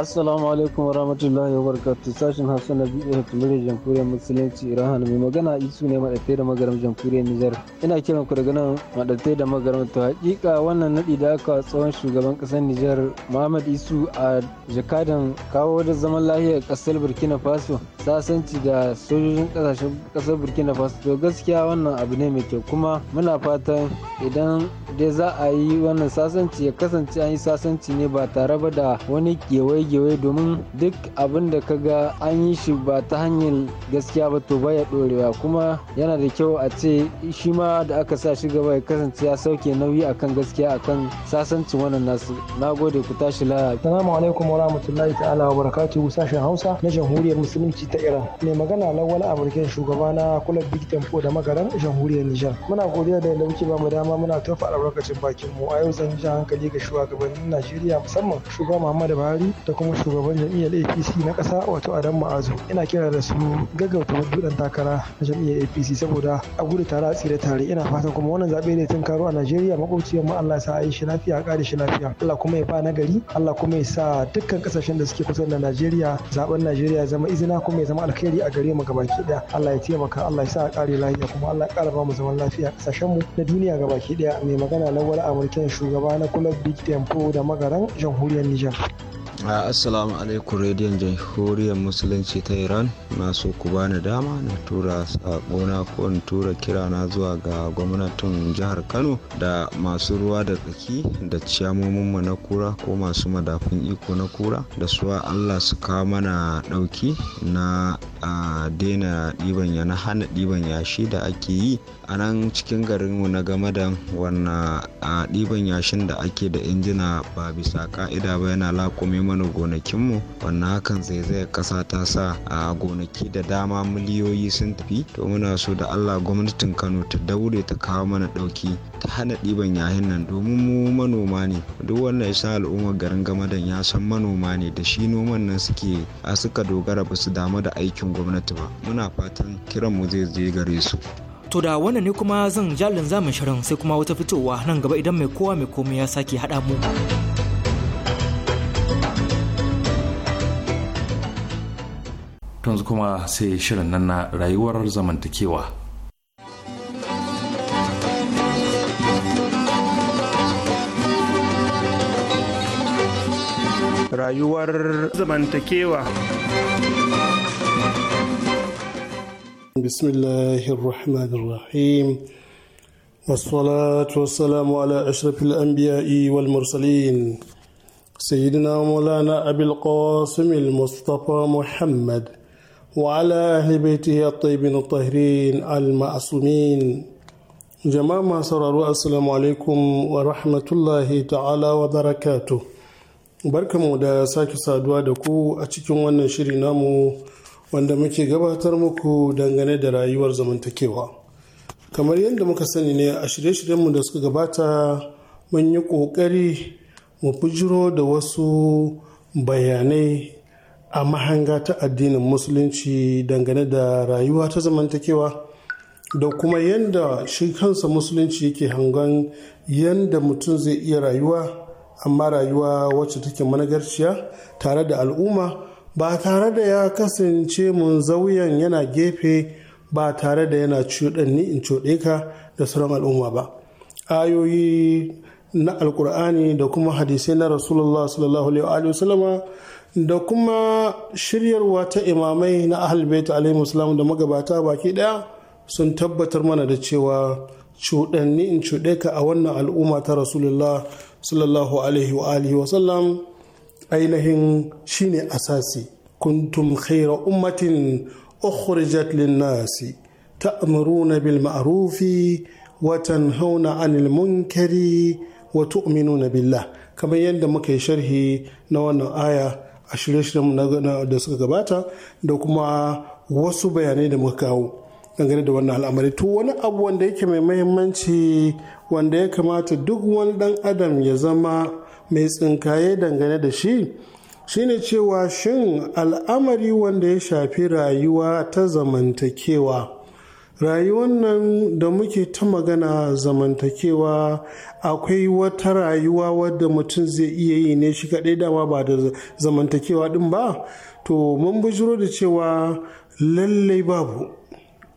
assalamu alaikum warahmatullahi wabarakatuh sashen hausa na biyu da jamhuriyar musulunci iran mai magana isu ne madatai da magaram jamhuriyar nijar ina kiran ku daga nan madatai da magaram to hakika wannan nadi da aka tsawon shugaban kasar nijar muhammad isu a jakadan kawo da zaman lahiyar kasar burkina faso sasanci da sojojin kasashen kasar burkina faso to gaskiya wannan abu ne mai kyau kuma muna fatan idan dai za a yi wannan sasanci ya kasance an yi sasanci ne ba tare ba da wani kewaye burgewa domin duk abin da ka ga an yi shi ba ta hanyar gaskiya ba to baya ɗorewa kuma yana da kyau a ce shi ma da aka sa shi gaba ya kasance ya sauke nauyi akan gaskiya akan sasancin wannan nasu na gode ku tashi lara assalamu alaikum rahmatullahi ta'ala wa barakatuhu sashen hausa na jamhuriyar musulunci ta iran mai magana na lawal amurken shugaba na kula big tempo da magaran jamhuriyar nijar muna godiya da yadda muke ba mu dama muna tofa albarkacin bakin mu a yau zan ji hankali ga shugabannin najeriya musamman shugaba muhammadu buhari da kuma shugaban jam'iyyar apc na ƙasa wato adam ma'azu ina kira da su gaggauta madudan takara na jam'iyyar apc saboda a gudu tare a tsire tare ina fatan kuma wannan zaɓe ne tun karo a najeriya makwabciyar mu allah sa a yi shi lafiya a ƙare shi lafiya allah kuma ya ba na gari allah kuma ya sa dukkan kasashen da suke kusa da najeriya zaɓen najeriya ya zama izina kuma ya zama alkhairi a gare mu gabaki ɗaya allah ya taimaka allah ya sa a ƙare lafiya kuma allah ya ƙara ba mu zaman lafiya ƙasashen mu na duniya gabaki daya mai magana na lawal amurken shugaba na kulab big tempo da magaran jamhuriyar nijar. a assalamu alaikum rediyon jamhuriyar musulunci ta iran na so ku bani dama na tura sakona ko in tura kira na zuwa ga gwamnatin jihar kano da masu ruwa da tsaki da ciyamominmu na kura ko masu madafun iko na kura da suwa allah su kawo mana ɗauki na a daina ɗiban yana hana ɗiban yashi da ake yi a nan cikin garinmu na game da wannan ɗiban yashin da ake da injina ba bisa ka'ida ba yana laƙume mana gonakinmu wannan hakan zaizayar ƙasa ta sa a gonaki da dama miliyoyi sun tafi to muna so da allah gwamnatin kano ta daure ta kawo mana ɗauki ta hana ɗiban yahin nan domin mu manoma ne duk wannan isa al'ummar garin gamadan ya san manoma ne da shi noman nan suke a suka dogara ba su damu da aikin gwamnati ba muna fatan kiran mu zai je gare su to da wannan ne kuma zan jalin zamin shirin sai kuma wata fitowa nan gaba idan mai kowa mai komai ya sake haɗa mu yanzu kuma sai shirin nan na rayuwar zamantakewa rayuwar zamantakewa. بسم الله الرحمن الرحيم والصلاة والسلام على أشرف الأنبياء والمرسلين سيدنا مولانا أبي القاسم المصطفى محمد وعلى أهل بيته الطيبين الطاهرين المعصومين جماعة ما سرروا السلام عليكم ورحمة الله تعالى وبركاته barkamu da sake saduwa da ku wanda muke gabatar muku dangane da rayuwar zamantakewa kamar yadda muka sani ne a shirye-shiryenmu da suka gabata mun yi ƙoƙari mu fujiro da wasu bayanai a mahanga ta addinin musulunci dangane da rayuwa ta zamantakewa da kuma yadda shi kansa musulunci yake hangon yadda mutum zai iya rayuwa amma rayuwa wacce take managarciya tare da al'umma ba tare da ya kasance mun zauyan yana gefe ba tare da yana cuɗanni in cuɗe ka da sauran al'umma ba ayoyi na alkur'ani da kuma hadisai na rasulullah sallallahu alaihi wasallama da kuma shiryarwa ta imamai na ahalbaita alaihi wasallam da magabata baki daya sun tabbatar mana da cewa cuɗanni in cuɗe ka a wannan al'umma ta rasulullah sallallahu alaihi wasallam ainihin shine asasi kuntum khaira ummatin ukhrijat lin-nasi ta'muruna bil ma'rufi wa tanhauna 'anil munkari wa tu'minuna billah kamar yadda muka yi sharhi na wannan aya a shirye-shiryen da suka gabata da kuma wasu bayanai da muka kawo dangane da wannan al'amari to wani abu wanda yake mai mahimmanci wanda ya kamata duk wani dan adam ya zama mai tsinkaye dangane da shi shine cewa shin al'amari wanda ya shafi rayuwa ta zamantakewa rayuwar nan da muke ta magana zamantakewa akwai wata rayuwa wadda mutum zai iya yi ne shi kaɗai dama ba da zamantakewa ɗin ba to mun bujiro da cewa lallai babu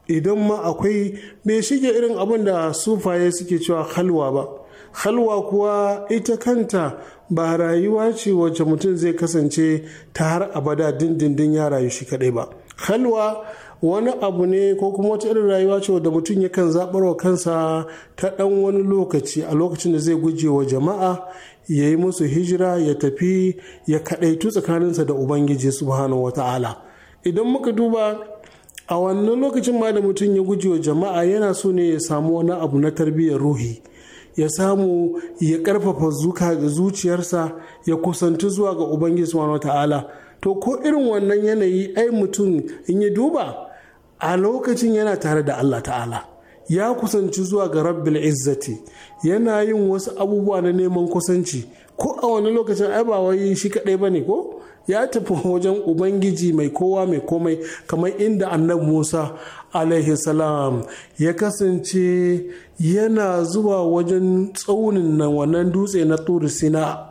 idan ma akwai bai shige irin abin da sufaye suke cewa halwa ba halwa kuwa ita kanta ba rayuwa ce wacce mutum zai kasance ta har abada dindindin ya rayu shi kadai ba halwa wani abu ne ko kuma wata irin rayuwa ce wadda mutum yakan zaɓar wa kansa ta ɗan wani lokaci a lokacin da zai guje wa jama'a ya yi musu hijira ya tafi ya kaɗaitu tsakaninsa da ubangiji subhanahu wata'ala idan muka duba a wannan lokacin ma da mutum ya guje wa jama'a yana so ne ya samu wani abu na tarbiyyar ruhi ya samu ya karfafa zuka zuciyarsa ya kusanci zuwa ga ubangiji subhanahu ta'ala to ko irin wannan yanayi ai mutum in ya duba a lokacin yana tare da Allah ta'ala ya kusanci zuwa ga rabbil izzati yana yin wasu abubuwa na neman kusanci ko a wani lokacin ai ba wai shi kadai bane ko ya tafi wajen ubangiji mai kowa mai komai kamar inda annabi musa alaihi salam ya kasance yana zuwa wajen tsaunin nan wannan dutse na turi sina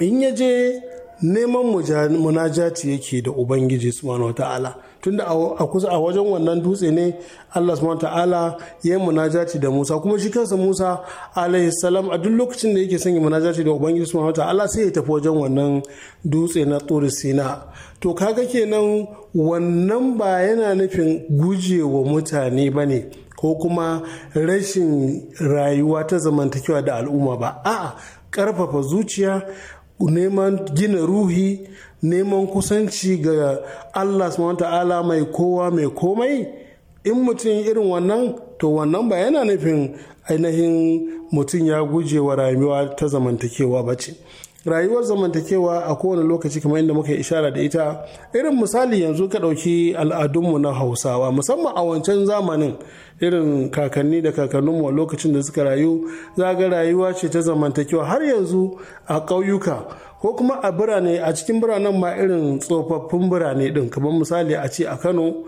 in ya je neman munajati yake da ubangiji subhanahu wa ta'ala tunda a kusa a wajen wannan dutse ne Allah subhanahu ta'ala ya yi munajati da Musa kuma shi kansa Musa alaihi salam a duk lokacin da yake son yi munajati da Ubangiji subhanahu ta'ala sai ya tafi wajen wannan dutse na Tur Sina to kaga kenan wannan ba yana nufin gujewa mutane bane ko kuma rashin rayuwa ta zamantakewa da al'umma ba a'a karfafa zuciya neman gina ruhi neman kusanci ga Allah subhanahu ta'ala mai kowa mai komai in mutum irin wannan to wannan ba yana nufin ainihin mutum ya guje wa rayuwa ta zamantakewa ba ce rayuwar zamantakewa a kowane lokaci kamar yadda muka ishara da ita irin misali yanzu ka ɗauki al'adunmu na hausawa musamman a wancan zamanin irin kakanni da kakanninmu a lokacin da suka rayu zaga rayuwa ce ta zamantakewa har yanzu a ƙauyuka ko kuma a birane a cikin biranen ma irin tsofaffin birane din kamar misali a ce a kano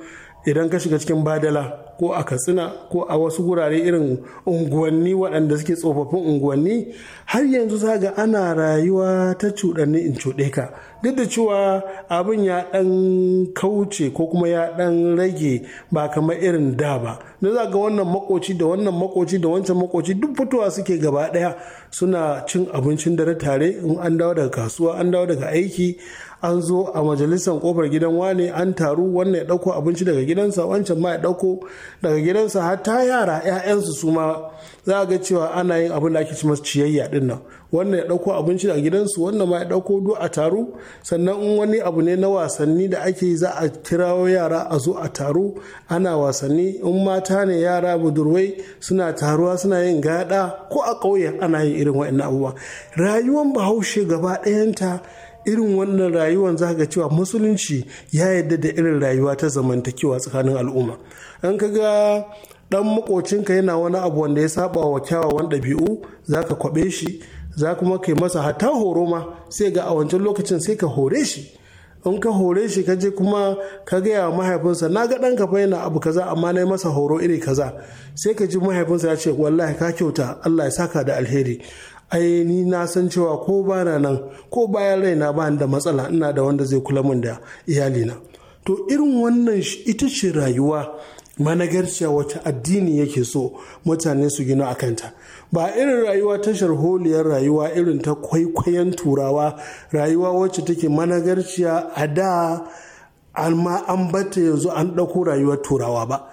idan ka shiga cikin badala ko a katsina ko a wasu wurare irin unguwanni waɗanda suke tsofaffin unguwanni har yanzu zaga ana rayuwa ta cuɗanni in cuɗe ka duk da cewa abin ya ɗan kauce ko kuma ya ɗan rage ba kamar irin da ba na za ga wannan makoci da wannan makoci da wancan makoci duk fitowa suke gaba ɗaya suna cin abincin dare tare in an dawo daga kasuwa an dawo daga aiki an zo a majalisar kofar gidan wane an taru wannan ya dauko abinci daga gidansa wancan ma ya dauko daga gidansa hatta yara 'ya'yansu su ma za ga cewa ana yin abin da ake ci masu ciyayya din nan wannan ya dauko abinci daga gidansu wannan ma ya dauko duk a taru sannan in wani abu ne na wasanni da ake yi za a kirawo yara a zo a taru ana wasanni in mata ne yara budurwai suna taruwa suna yin gada ko a ƙauyen ana yin irin wa'annan abubuwa rayuwar bahaushe gaba ɗayanta irin wannan rayuwan za ga cewa musulunci ya yadda da irin rayuwa ta zamantakewa tsakanin al'umma an ka ga dan makocinka yana wani abu wanda ya saba wa kyawawan ɗabi'u za ka kwaɓe shi za kuma kai masa hatta horo ma sai ga a wancan lokacin sai ka hore shi in ka hore shi ka je kuma ka gaya wa mahaifinsa na ga ɗanka fa yana abu kaza amma na yi masa horo iri kaza sai ka ji mahaifinsa ya ce wallahi ka kyauta Allah ya saka da alheri ai ni na san cewa ko ba na nan ko bayan raina ba da matsala ina da wanda zai kula min da iyalina to irin wannan ita ce rayuwa managarciya wata addini yake so mutane su gina a kanta ba irin rayuwa ta sharholiyar rayuwa irin ta kwaikwayon turawa rayuwa wacce take managarciya a da amma an bata yanzu an ɗauko rayuwar turawa ba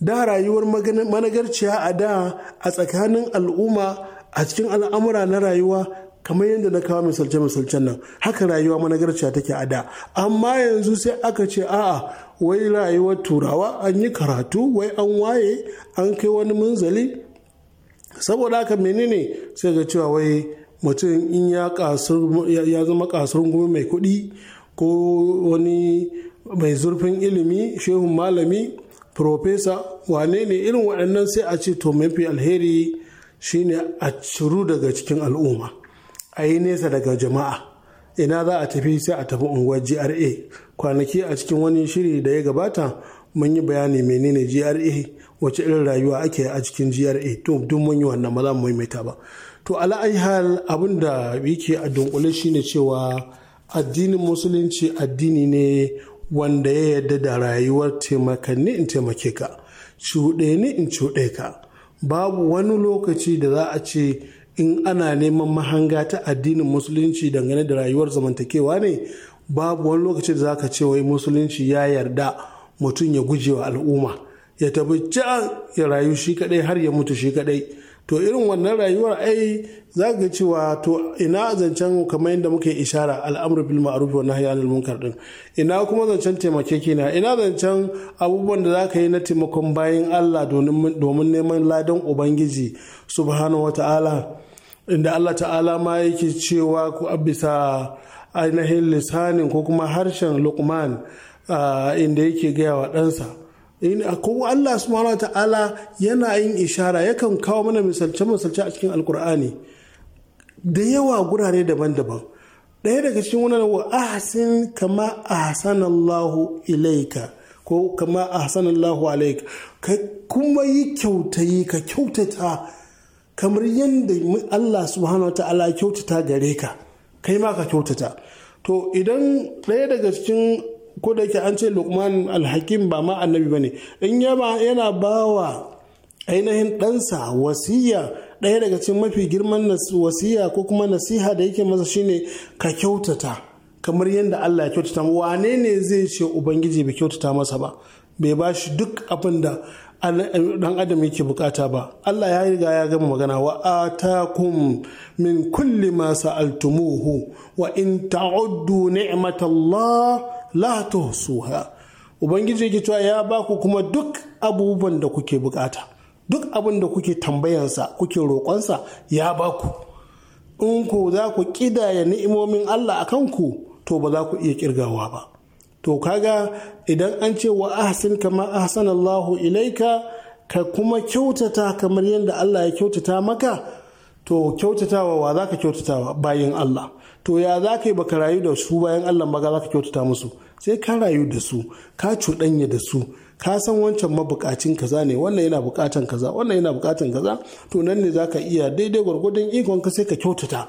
da rayuwar managarciya a da a tsakanin al'umma a cikin al'amura na rayuwa kamar yadda na kawo misalce-misalcen nan haka rayuwa managarciya take a da amma yanzu sai aka ce a'a wai rayuwar turawa an yi karatu wai an waye an kai wani munzali saboda haka menene sai ga cewa wai mutum in ya zama kasar gumi mai kuɗi ko wani mai zurfin ilimi shehun malami profesa wane ne irin waɗannan sai a ce to mafi alheri shine a ciru daga cikin al'umma a yi nesa daga jama'a ina za a tafi sai a tafi unguwar gra kwanaki a cikin wani shiri da ya gabata mun yi bayani menene gra wace irin rayuwa ake a cikin gra to duk mun yi wannan ba za mu maimaita ba to ala'aihal abin da yake a dunkule shine cewa addinin musulunci addini ne wanda ya yarda da rayuwar taimakanni in taimake ka cuɗe ni in cuɗe ka babu wani lokaci da za a ce in ana neman mahanga ta addinin musulunci dangane da rayuwar zamantakewa ne babu wani lokaci da za ka ce wai musulunci ya yarda mutum ya gujewa al'umma ya tabbaci ya rayu shi kadai har ya mutu shi kadai to irin wannan rayuwar ai za ga cewa to ina zancen kamar yadda muke ishara al'amur bil ma'ruf wa nahyi anil munkar din ina kuma zancen na ina zancen abubuwan da zaka yi na taimakon bayan Allah domin neman ladan ubangiji subhanahu wata'ala inda Allah ta'ala ma yake cewa ku abisa ainihin lisanin ko kuma harshen lukman ah, inda yake gaya wa ɗansa akwai Allah subhanahu wa ta'ala yana yin ishara yakan kawo mana misalce misalce a cikin alkur'ani da yawa gurare daban-daban ɗaya daga cikin wannan wa ahsin kama ahsanallahu ilaika ko kama ahsanallahu alaika ka kuma yi kyautayi ka kyautata kamar yadda Allah subhanahu wa ta'ala kyautata gare ka kai ma ka kyautata to idan ɗaya daga cikin ko da yake an ce lukman alhakim ba ma annabi ba ne in yaba yana bawa ainihin ɗansa wasiya ɗaya daga cikin mafi girman wasiya ko kuma nasiha da yake masa shine ka kyautata kamar yadda Allah ya kyautata wane ne zai ce ubangiji bai kyautata masa ba bai ba shi duk abin da dan adam yake bukata ba Allah ya riga ya gama magana wa atakum min kulli ma sa'altumuhu wa in ta'uddu ni'matallah la tuhsuha ubangiji yake cewa ya ba ku kuma duk abubuwan da kuke bukata duk abin da kuke tambayansa kuke roƙonsa ya ba ku in ku za ku kidaya ni'imomin Allah a kanku to ba za ku iya kirgawa ba to kaga idan an ce wa ahsin kama ahsan Allahu ilaika ka kuma kyautata kamar yadda Allah ya kyautata maka to kyautatawa wa za ka kyautatawa bayan Allah to ya za ka yi baka rayu da su bayan allah ba za ka kyautata musu sai ka rayu da su ka cuɗanya da su ka san wancan mabukacin kaza ne wannan yana bukatan kaza wannan yana bukatan kaza to nan ne za ka iya daidai gwargwadon ikon ka sai ka kyautata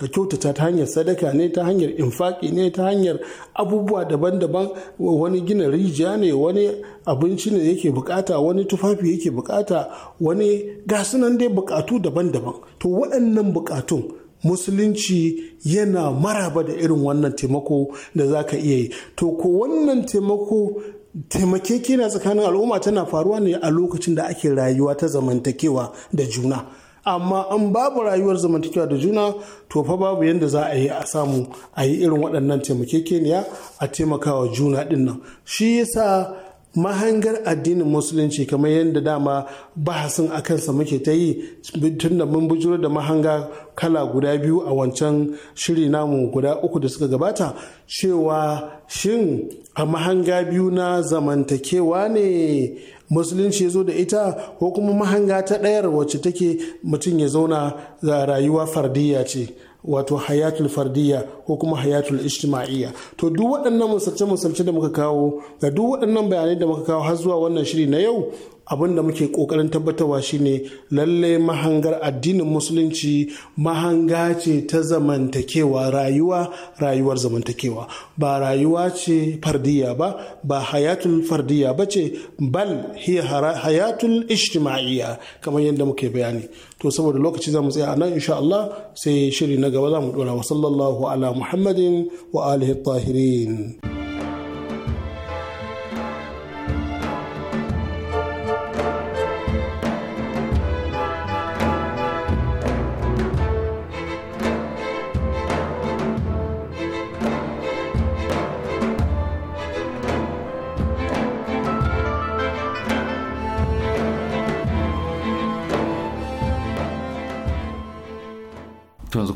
ka kyautata ta hanyar sadaka ne ta hanyar infaki ne ta hanyar abubuwa daban-daban wani gina rijiya ne wani abinci ne yake bukata wani tufafi yake bukata wani gasunan dai bukatu daban-daban to waɗannan bukatun musulunci yana maraba da irin wannan taimako da za ka iya yi to ko wannan taimako taimakekena tsakanin al'umma tana faruwa ne a lokacin da ake rayuwa ta zamantakewa da juna amma an babu rayuwar zamantakewa da juna to fa babu yadda za a yi a samu a yi irin waɗannan taimakekeniya a taimakawa juna ɗin nan shi yasa mahangar addinin musulunci kamar yadda dama bahasin a kansa muke ta yi tun da mun bujiro da mahanga kala guda biyu a wancan shiri namu guda uku da suka gabata cewa shin a mahanga biyu na zamantakewa ne musulunci ya zo da ita ko kuma mahanga ta ɗayar wacce take mutum ya zauna ga rayuwa fardiyya ce wato hayatul fardiyya ko kuma hayatul ijtima'iyya to duk waɗannan musalce musalce da muka kawo ga duk waɗannan bayanai da muka kawo har zuwa wannan shiri na yau abin da muke kokarin tabbatarwa shine lallai mahangar addinin musulunci mahanga ce ta zamantakewa rayuwa rayuwar zamantakewa ba rayuwa ce fardiya ba ba hayatul fardiya ba ce bal hiya hayatul ijtima'iyya kamar yadda muke bayani to saboda lokaci za mu tsaya a nan insha Allah sai shiri na gaba za mu dora wa sallallahu ala muhammadin wa alihi tahirin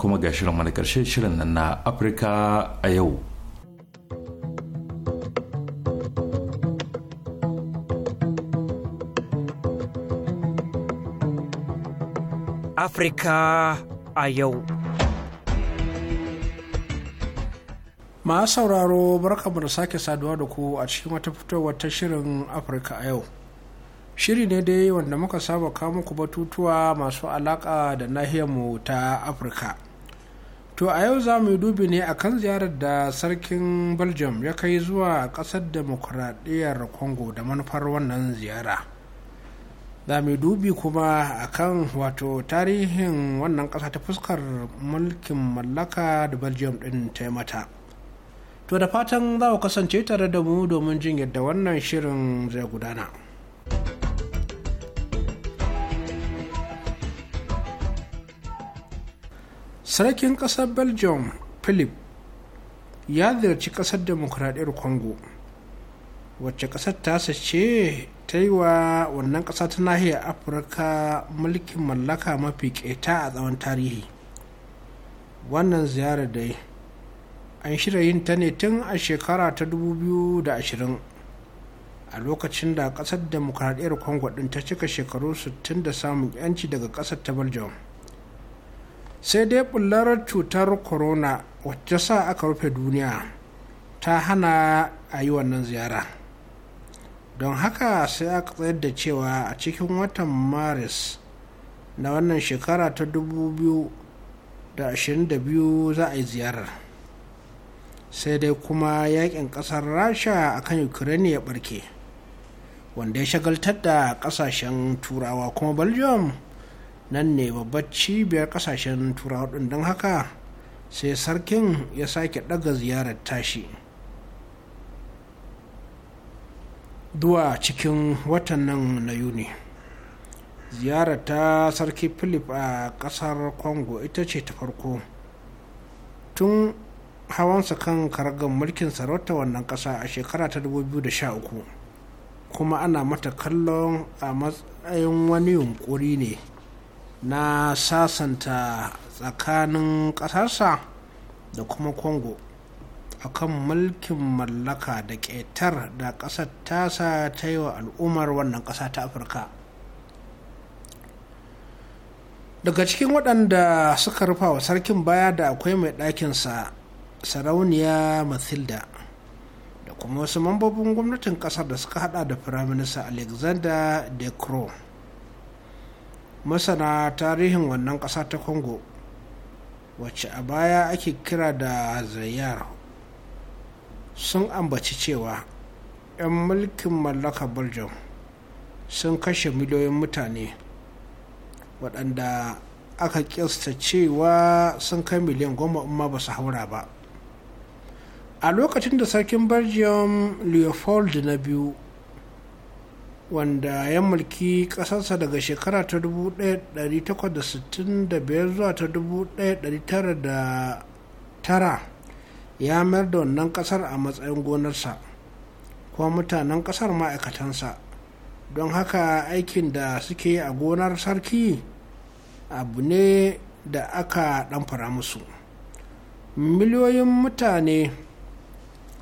kuma ga shirin mana karshe shirin nan na afirka a yau afirka a yau Ma sauraro barkamu da sake saduwa da ku a cikin wata fitowar ta shirin afirka a yau shiri ne dai wanda muka saba kawo muku batutuwa masu alaka da nahiyarmu ta afirka to a yau za mu yi dubi ne akan ziyarar da sarkin belgium ya kai zuwa ƙasar demokuraɗiyyar congo da manufar wannan ziyara za mu yi dubi kuma akan wato tarihin wannan ƙasa ta fuskar mulkin mallaka da belgium ɗin ta mata to da fatan za ku kasance tare da mu domin jin yadda wannan shirin zai gudana. sarkin ƙasar belgium philip ya ziyarci ƙasar demokradiyyar congo wacce ƙasar tasa ce ta yi wa wannan ƙasa ta nahiyar afirka mulkin mallaka mafi ƙeta a tsawon tarihi wannan ziyarar dai an shirya yin ta ne tun a shekara ta 2020 a lokacin da ƙasar demokradiyyar congo ɗin ta cika shekaru 60 da samun 'yanci daga ƙasar ta belgium sai dai bullar cutar corona wacce sa aka rufe duniya ta hana a yi wannan ziyara don haka sai aka tsayar da cewa a cikin watan maris na wannan shekara ta 2022 za a yi ziyarar sai dai kuma yakin kasar rasha a kan ukraine ya barke wanda ya shagaltar da kasashen turawa kuma belgium nan ne babbar cibiyar kasashen turawa ɗin don haka sai sarkin ya sake ɗaga ziyarar tashi Duwa cikin watan nan na yuni ziyarar ta sarki philip a ƙasar congo ita ce ta farko tun hawansa kan kargan mulkin sarauta wannan ƙasa a shekara ta 2013 kuma ana mata kallon a matsayin wani yunkuri ne na sasanta tsakanin ƙasarsa da kuma congo kan mulkin mallaka da ƙetar da ƙasar tasa ta yi wa al'ummar wannan ƙasa ta afirka daga cikin waɗanda suka rufa wa sarkin baya da akwai mai ɗakinsa sarauniya mathilda da kuma wasu mambobin gwamnatin ƙasar da suka hada da firaminista alexander de Croix. masana tarihin wannan ƙasa ta congo wacce a baya ake kira da zayyar sun ambaci cewa 'yan mulkin mallaka belgium sun kashe miliyoyin mutane waɗanda aka kista cewa sun kai miliyan goma ma ba su haura ba a lokacin da sarkin belgium leopold na biyu wanda ya mulki ƙasarsa daga shekara ta 1865 zuwa ta 1909 ya mayar da wannan ƙasar a matsayin gonarsa kuma mutanen ƙasar ma'aikatansa don haka aikin da suke a gonar sarki abu ne da aka ɗamfara musu miliyoyin mutane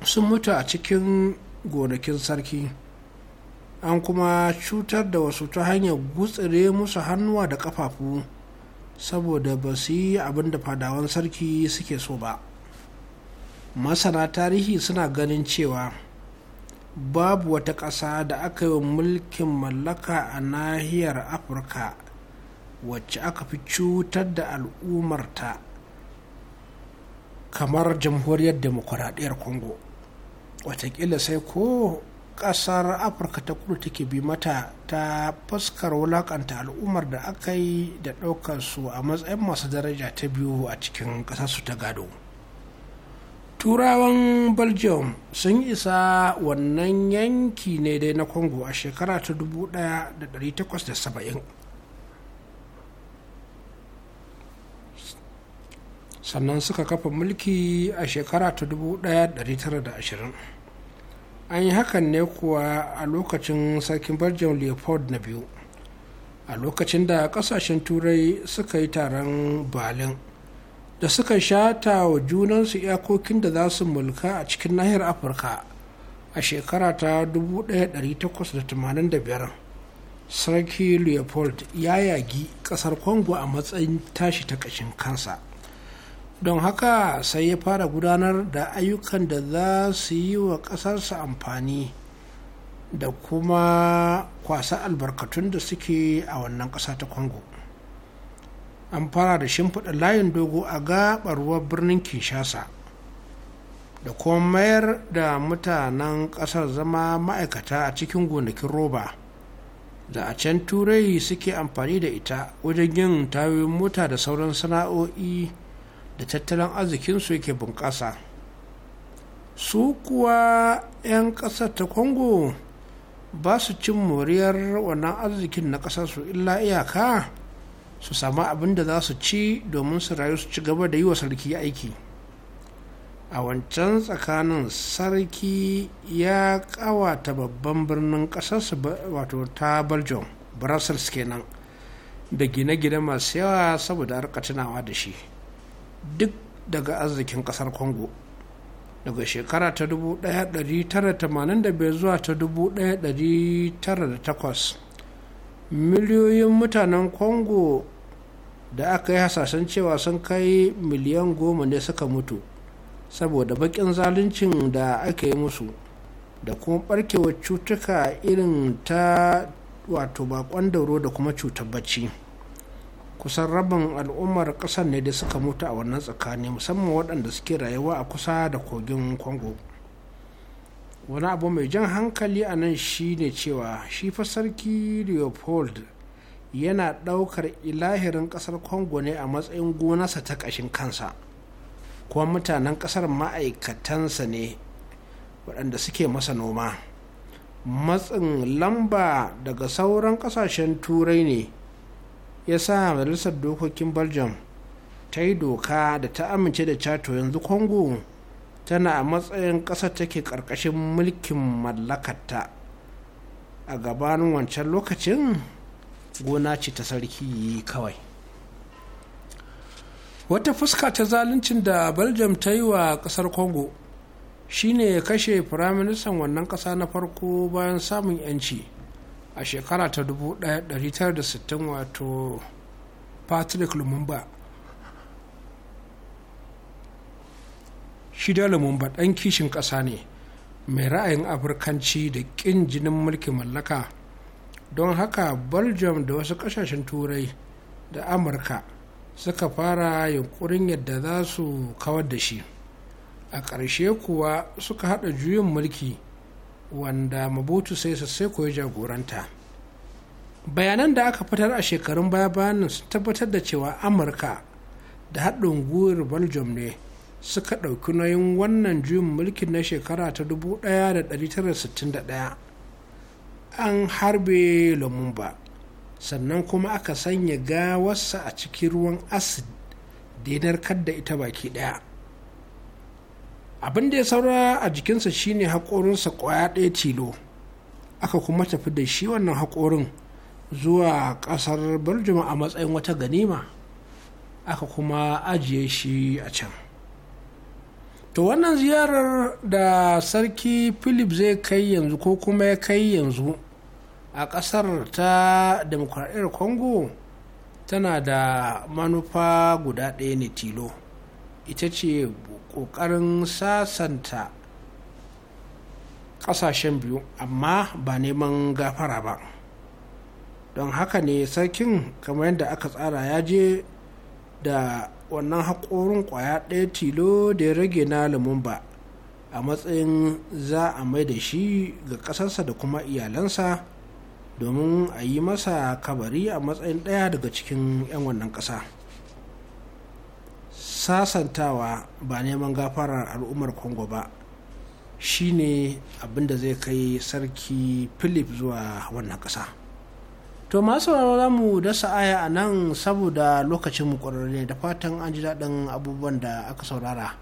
sun mutu a cikin gonakin sarki an kuma cutar da wasu ta hanyar gutsire musu hannuwa da ƙafafu saboda ba su yi abin da fadawan sarki suke so ba masana tarihi suna ganin cewa babu wata ƙasa da aka yi mulkin mallaka a nahiyar afirka wacce aka fi cutar da al'ummarta kamar jamhuriyar demokuraɗiyar congo watakila sai ko kasar afirka ta kudu take bi mata ta fuskar wulakanta al'ummar da aka yi da ɗaukar su a matsayin masu daraja ta biyu a cikin ƙasarsu ta gado turawan belgium sun isa wannan yanki ne dai na congo a shekara ta 1870 sannan suka kafa mulki a shekara ta 1920 an yi hakan ne kuwa a lokacin sarkin belgium leopold na biyu a lokacin da kasashen turai suka yi taron balin da suka shata wa junansu iyakokin da za su mulka a cikin nahiyar afirka a shekara ta 1885 sarki leopold ya yagi kasar congo a matsayin tashi ta kashin kansa don haka sai ya fara gudanar da ayyukan da za su yi wa ƙasarsa amfani da kuma kwasa albarkatun da suke a wannan ƙasa ta congo an fara da shimfiɗa layin dogo a gaɓar ruwan birnin kinshasa da kuma mayar da mutanen ƙasar zama ma'aikata a cikin gonakin roba da a can turai suke amfani da ita wajen yin tayoyin mota da sauran sana'o'i da tattalin arzikinsu yake bunƙasa su kuwa 'yan ƙasar ta congo ba su cin moriyar wannan arzikin na ƙasarsu illa iyaka su samu abin da za su ci domin su rayu su ci gaba da yi wa sarki aiki a wancan tsakanin sarki ya kawata babban birnin ƙasarsu wato ta belgium brussels kenan da gine-gine masu yawa saboda harka tunawa da shi duk daga arzikin kasar congo daga shekara ta 1985 zuwa ta 1908 miliyoyin mutanen congo da aka yi hasashen cewa sun kai miliyan goma ne suka mutu saboda bakin zaluncin da aka yi musu da kuma barkewar cutuka irin ta wato bakon dauro da kuma cutar bacci. kusan rabin al'ummar kasar ne da suka mutu a wannan tsakani musamman waɗanda suke rayuwa a kusa da kogin congo wani abu mai jan hankali a nan shine cewa shi fa sarki leopold yana ɗaukar ilahirin ƙasar Kongo ne a matsayin gonarsa ta ƙashin kansa kuma mutanen ƙasar ma'aikatansa ne waɗanda suke masa noma matsin lamba daga sauran ƙasashen turai ne ya sa majalisar dokokin belgium ta yi doka da ta amince da cato yanzu congo tana a matsayin ƙasa take ƙarƙashin mulkin mallakarta a gabanin wancan lokacin gona ce ta sarki kawai wata fuska ta zaluncin da belgium ta yi wa ƙasar congo shine kashe firaministan wannan ƙasa na farko bayan samun 'yanci a shekara ta 1960 wato patrick lumumba shida lumumba ɗan kishin ƙasa ne mai ra'ayin afirkanci da ƙin jinin mulkin mallaka don haka belgium da wasu ƙasashen turai da amurka suka fara yunkurin yadda za su kawar da shi a ƙarshe kuwa suka haɗa juyin mulki wanda mabutu sai sai ya jagoranta bayanan da aka fitar a shekarun baya bayanin sun tabbatar da cewa amurka da haɗin gwiwar belgium ne suka ɗauki nauyin wannan juyin mulkin na shekara ta 1961 an harbe lumumba sannan kuma aka sanya gawarsa a cikin ruwan asid da ya narkar da ita baki ɗaya abin da ya saura a jikinsa shine haƙorinsa ƙwaya ɗaya tilo aka kuma tafi da shi wannan haƙorin zuwa ƙasar birjima a matsayin wata ganima aka kuma ajiye shi a can to wannan ziyarar da sarki philip zai kai yanzu ko kuma ya kai yanzu a ƙasar ta demokradiyyar congo tana da manufa guda ɗaya ne tilo ita ce ƙoƙarin sasanta ƙasashen biyu amma ba neman gafara ba don haka ne sarkin kamar yadda aka tsara ya je da wannan haƙorin ƙwaya ɗaya tilo da ya rage na lumumba a matsayin za a mai da shi ga ƙasarsa da kuma iyalansa domin a yi masa kabari a matsayin ɗaya daga cikin 'yan wannan ƙasa. sasantawa ba neman gafarar al'ummar congo ba shine abin da zai kai sarki philip zuwa wannan ƙasa to masu za mu dasa aya a nan saboda lokacin mu ƙwararre da fatan an ji daɗin abubuwan da aka saurara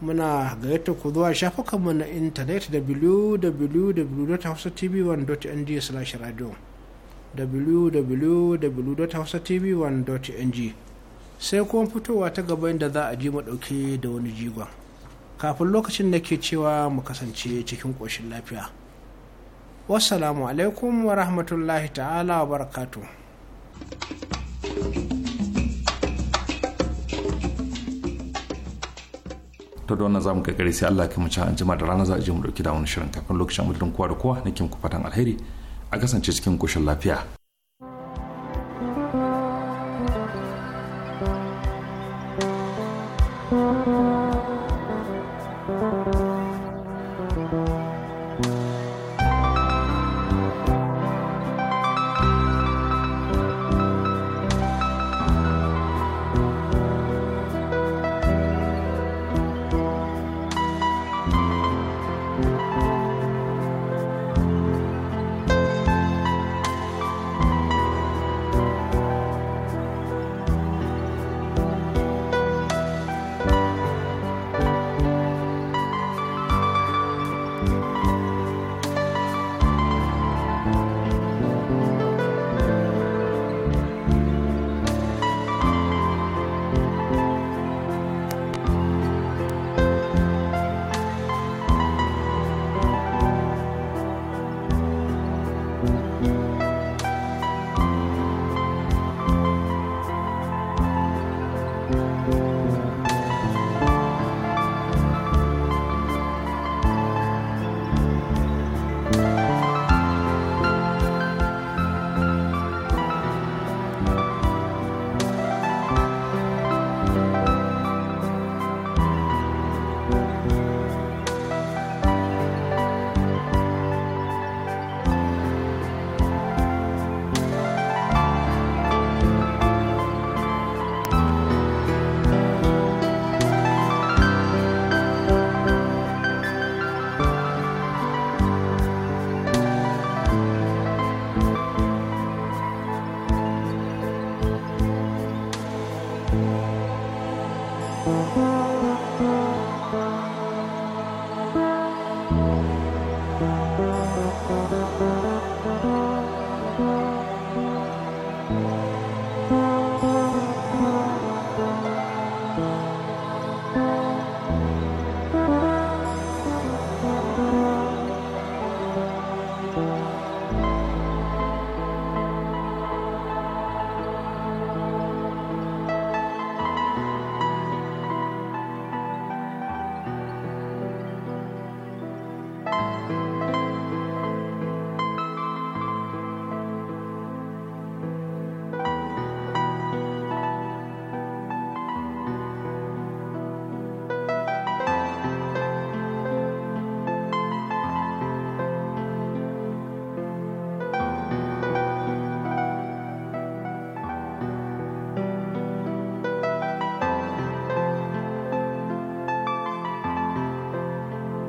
muna gayyata ku zuwa shafukanmu na intanet www.hausatv1.ng/radio www.hausatv1.ng sai kuma fitowa ta gaba inda za a ji mu da wani jigon kafin lokacin da ke cewa mu kasance cikin ƙoshin lafiya wassalamu alaikum wa rahmatullahi ta'ala wa barakatu ta da wannan zamu kai sai Allah kai mu an jima da rana za a je mu dauki da wani shirin kafin lokacin mutum kowa da kowa nake muku fatan alheri a kasance cikin koshin lafiya